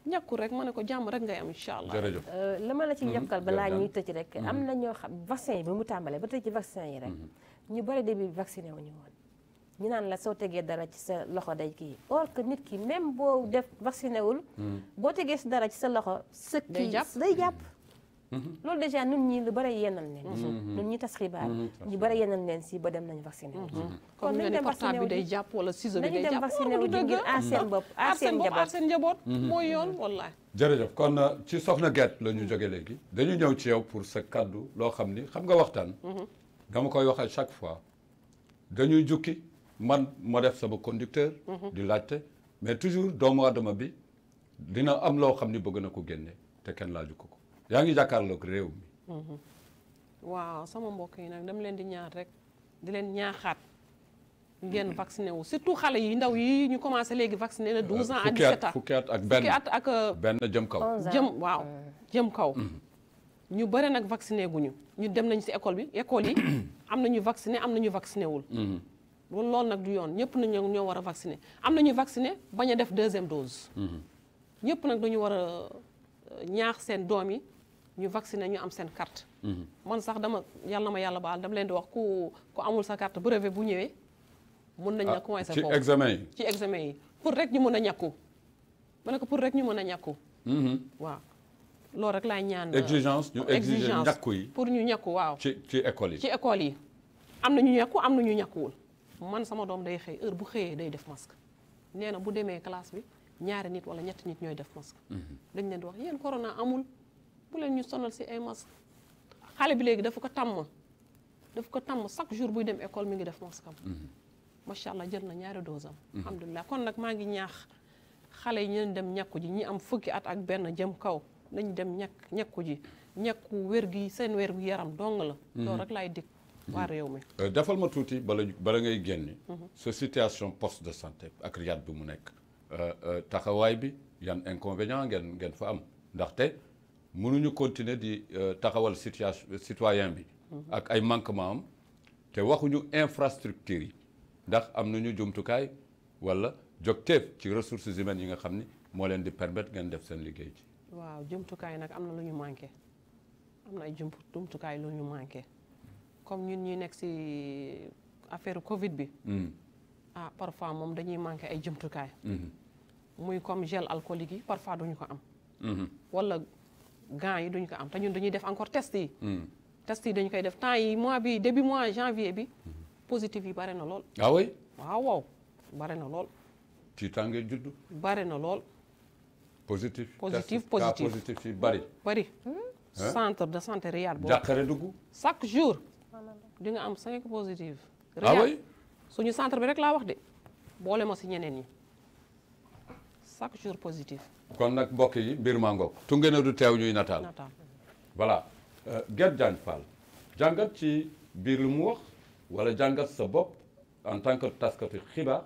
ñàkkul rek ma ne ko jàmm rek ngay am incha allah. jërëjëf euh, la ma la ci mmh, yokkal balaa ñuy tëj rek. Mmh. am na ñoo xam vaccin bi mu tàmbalee ba tëj ci vaccin yi rek. Mmh. ñu bari début vacciné wu ñu woon. ñu naan la soo tegee dara ci sa loxo day kii or que nit ki même boo def vacciné wul. boo tegee si dara ci sa loxo. sa kii day jàpp. loolu déjà ñun ñii lu bari yenal leen mhm. ñun ñi tas xibaar mhm. ñu bari yenal leen si ba dem nañ vacciné wu mhm. kon dem vacciné wu day jàpp wala ciseau bi day jàpp nañu dem vacciné wu ngir aar seen bopp aar seen njaboot aar seen njaboot mooy yoon wallaay jërëjëf kon euh, ci soxna Guette la ñu jóge léegi dañu ñëw ci yow pour sa kaddu loo xam ni xam nga waxtaan dama koy wax à chaque fois dañuy jukki man ma def sama conducteur di laajte mais toujours doomu adama bi dina am loo xam ni bëgg na ko génne te kenn laaju ko ko yaa ngi jàkkaarloog réew mi. Mm-hmm. waaw sama mbokk yi nag dama leen di ñaar rek di leen ñaaxaat ngeen mm-hmm. vacciné wu surtout xale yi ndaw yi ñu commencé léegi vacciné na 12 ans. à 17 ans fukki at ak benn at ak euh, benn jëm kaw. jëm waaw mm. jëm kaw. Mm-hmm. ñu bëri nag vacciné guñu ñu dem nañ si école bi école yi [coughs] am na ñu vacciné am na ñu vacciné wul. loolu nag yoon ñëpp nañu ñoo war a vacciné am na ñu vacciné bañ a def deuxième dose. ñëpp nag dañu war a euh, ñaax seen doom yi. ñu vacciné ñu am seen carte. Mhm. man sax dama yàlla ma yàlla baal dama leen di wax ku ku amul sa carte brevet bu ñëwee. mun nañ la commencé foofu ci examen yi. ci examen yi pour rek ñu mën a ñàkku ma ne pour rek ñu mën a ñàkku. Mhm. waaw loolu rek laay ñaan. Euh, exigence ñu exige ñàkku yi pour ñu ñàkku waaw. ci ci école yi ci yi. am na ñu ñàkku am na ñu ñàkkuwul man sama doom day xëy heure bu xëyee day def masque nee na bu demee classe bi ñaari nit wala ñetti nit ñooy def masque. Mhm. dañ leen di wax yéen corona amul. bu leen ñu sonal si ay masque xale bi léegi dafa ko tàmm dafa ko tàmm chaque jour buy dem école mi ngi def masque am mhm. macha allah jël na ñaari dose am mhm. alhamdulilah kon nag maa ngi ñaax xale yi ñu dem ñàkku ji ñi am fukki at ak benn jëm kaw nañu dem ñàkk ñàkku ji ñàkku wér gi seen wér yaram dong la mhm. loolu rek laay dikk waa réew mi euh, defal ma tuuti bala bala ngay génne sa situation poste de santé ak Riyad bi mu nekk euh, euh, taxawaay bi yan inconvénient ngeen fa am ndaxte mënuñu continuer di euh, taxawal situation citoyen bi. Mhm. ak ay manquement am te waxuñu infrastructure yi ndax am nañu jumtukaay wala jogteef ci ressources humaines yi nga xam ni moo leen di permettre ngeen def seen liggéey ci. waaw jumtukaay nag am na lu ñu manqué am na ay jumtukaay lu ñu manqué comme ñun ñuy nekk ci affaire Covid bi. Mhm. ah parfois moom dañuy manqué ay jumtukaay. Mhm. muy comme gel alcoolique yi parfois dañu ko am. wala gants yi duñ ko am te ñun dañuy def encore test yi. Hmm. test yi dañ koy def temps yi mois bi début mois janvier bi hmm. positif yi bare na lool. ah oui waaw waaw bare na lool. ci tàngee juddu. bare na lool. positif positif positif positif yi bari. bari hmm? centre de santé Riyad boobu. jàkkaare dugg. chaque jour di nga am cinq positif. ah oui Riyad suñu centre bi rek laa wax de boole ma si ñeneen yi chaque jour positif. kon nag mbokk yi mbir maa ngoog. Tungeneer du teew ñuy nataal. nataal voilà euh, Guèye Diagne jàngat ci biir lu mu wax wala jàngat sa bopp en tant que taskatu xibaar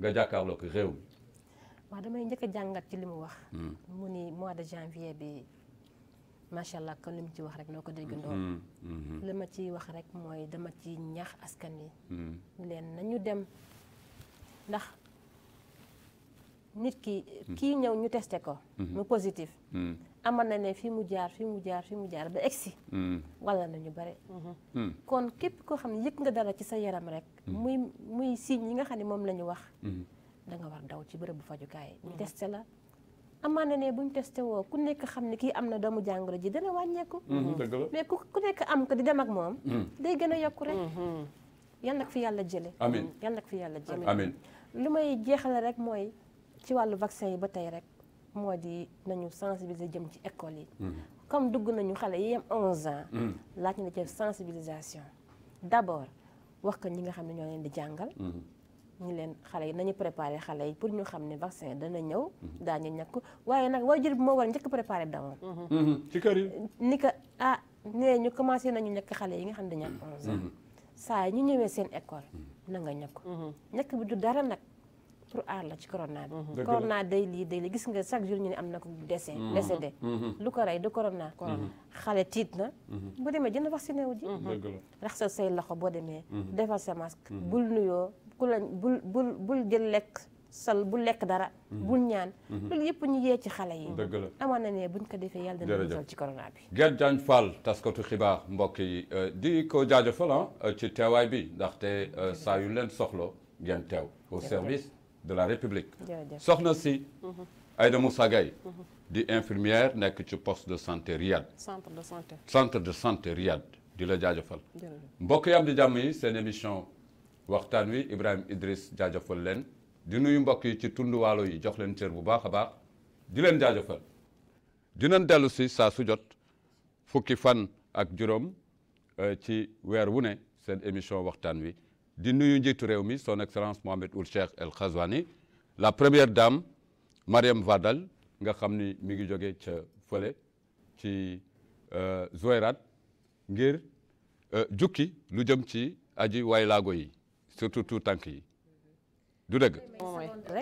nga jàkkaarloog réew mi. waaw damay njëkk jàngat ci li mu wax. Hmm. mu ni mois de janvier bi macha allah kon li mu ci wax rek noo ko déggandoo. Hmm, hmm, li ma ciy wax rek mooy dama ci ñax askan wi. leen nañu dem ndax. nit ki hmm. kii ñëw ñu teste ko hmm. mu positif hmm. amal na ne fii mu jaar fii mu jaar fii mu jaar ba egsi wala ñu bare kon képp koo xam ne yëg nga dara ci sa yaram rek muy muy signe yi nga xam ne moom la ñu wax da nga war daw ci bërëb bu fajukaay ñu testé la na ne buñ testé woo ku nekk xam ne kii am na doomu jàngoro ji dana wàññeeku mais ku nekk am ko di dem ak moom day gën a yokku rek yal fi yàlla jële fi yàlla jële amiin lu may jeexale rek mooy ci wàllu vaccin yi ba tey rek moo di nañu sensibiliser jëm ci école yi. Mm-hmm. comme dugg nañu xale yi yem 11 ans. Mm-hmm. laaj na ci sensibilisation d'abord wax ko ñi nga xam ne ñoo leen di jàngal. ñu mm-hmm. leen xale yi nañu préparé xale yi pour ñu xam ne vaccin dana ñëw. daañu ñàkk waaye nag waajur bi moo war a njëkk préparé dawam. ci kër yi. ni ko ah nee ñu commencé nañu ñàkk xale yi nga xam ne dañu am 11 saa yi ñu ñëwee seen école. na nga ñàkk. ñàkk bi du dara nag. pour aar la ci corona bi mhm. corona day lii day lii gis nga chaque jour ñu am na ko décès mhm. décédé mhm. lu ko rey du corona xale tiit na boo demee jënd vacciné wu ji raxasal say loxo boo demee defal sa masque bul nuyoo ku lañ bul bul jël lekk sal bu lekk dara bul ñaan loolu yëpp ñu yee ci xale yi dëgg la amaan na ne buñ ko defee yàlla dana musal ci corona bi Gaye Diagne Fall taskatu xibaar mbokk yi euh, di ko jaajëfal euh, ci teewaay bi ndaxte euh, saa yu leen soxlo ngeen teew au service de la République. soxna si. Mhm. Aïda Moussa Gaye mhm. di infirmière nekk ci poste de santé Riyad. centre de santé de santé Riyad di la jaajëfal. mbokk yi am di jàmm yi seen émission waxtaan wi Ibrahima Idriss jaajëfal leen. di nuyu mbokk yi ci tund waalo yi jox leen cër bu baax a baax di leen jaajëfal. dinañ dellu si saa su jot fukki fan ak juróom euh, ci weer wu ne seen émission waxtaan wi. di nuyu njiitu réew mi son excellence Mohamed Ould Cheikh El Ghazouani la première dame Mariam Vadal nga xam ni mi ngi joge ca fële ci euh, Zouérate ngir euh, jukki lu jëm ci aji waylaago yi surtout tout tànk yi du dëgg.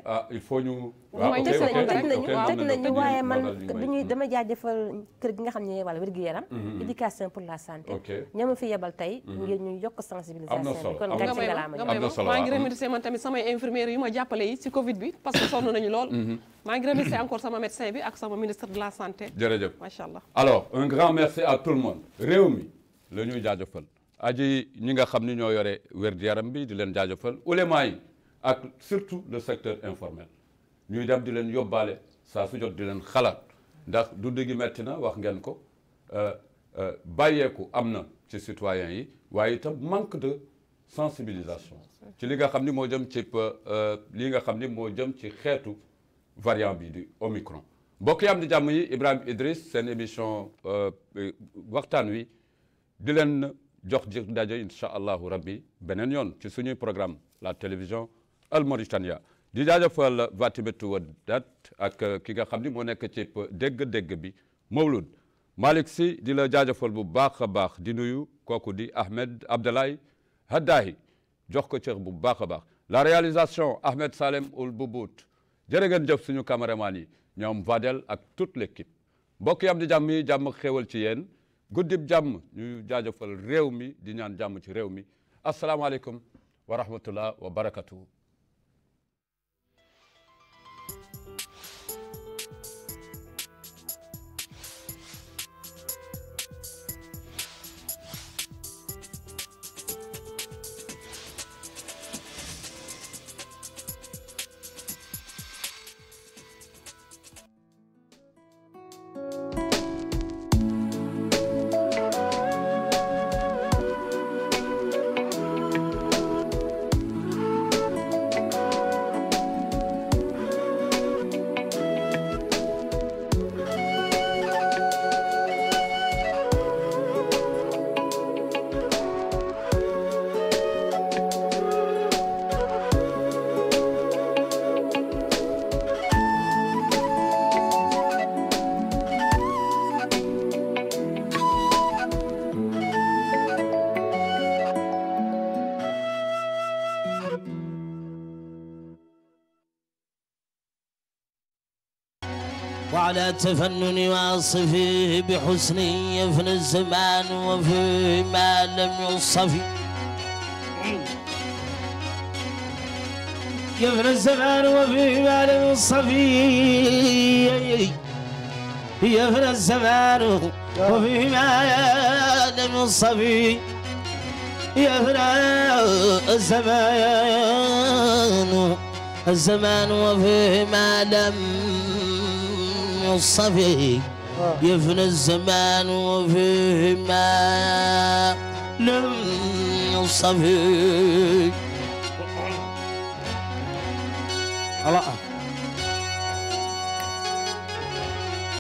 ah il faut ñu. waaw ok tëj nañu waaye man dañuy dama jaajëfal kër gi nga xam ne wala wér-gu-yaram. Mm-hmm. Mm-hmm. éducation pour la santé. ok ñoo ma fi yebal tey. Mm-hmm. ngir ñu yokk sensibilisation. am na solo kon gàcce nga ma am na solo tamit samay infirmières yu ma jàppale yi ci Covid bi parce que sonn nañu lool. maa ngi remercier sama médecin bi ak sama ministre de la santé. jërëjëf macha allah. alors un grand merci à tout le monde. réew mi la ñuy jaajëfal. aji ñi nga xam ni ñoo yore wer gu yaram bi di leen jaajëfal ulema yi ak surtout le secteur informel ñuy dem di leen yóbbaale saa su jot di leen xalaat ndax dund gi metti na wax ngeen ko euh, euh, bàyyeeku am na ci citoyens yi waaye itam manque de sensibilisation ci li nga xam ni moo jëm ci euh, li nga xam ni moo jëm ci xeetu variant bi di Omicron mbokk yi am di jàmm yi Ibrahima Idriss seen émission waxtaan wi di leen jox ji daje incha allahu rabbi benen yoon ci suñuy programme la télévision al Mauritania di jaajëfal Vatimetu Wadat ak uh, ki nga xam ni moo nekk ci dégg-dégg bi Mawlud Malick si di la jaajëfal bu baax a baax di nuyu kooku di Ahmed Abdalahi Haddahi jox ko cër bu baax a baax la réalisation Ahmed Salem ul Boubout jërë ngeen jëf suñu caméraman yi ñoom Vadel ak toute l'équipe mbokk yam am di jàmm yi jàmm xéewal ci yéen guddib jàmm ñu jaajëfal réew mi di ñaan jàmm ci réew mi asalaamaaleykum wa rahmatullah wa barakatuh التفنن وأصفيه بحسن يفنى الزمان وفيه ما لم يوصف يفنى الزمان وفيه ما لم يوصف يفنى الزمان وفيه ما لم يوصف يفنى الزمان الزمان وفيه ما لم الصفي يفنى الزمان وفيه ما لم يصفي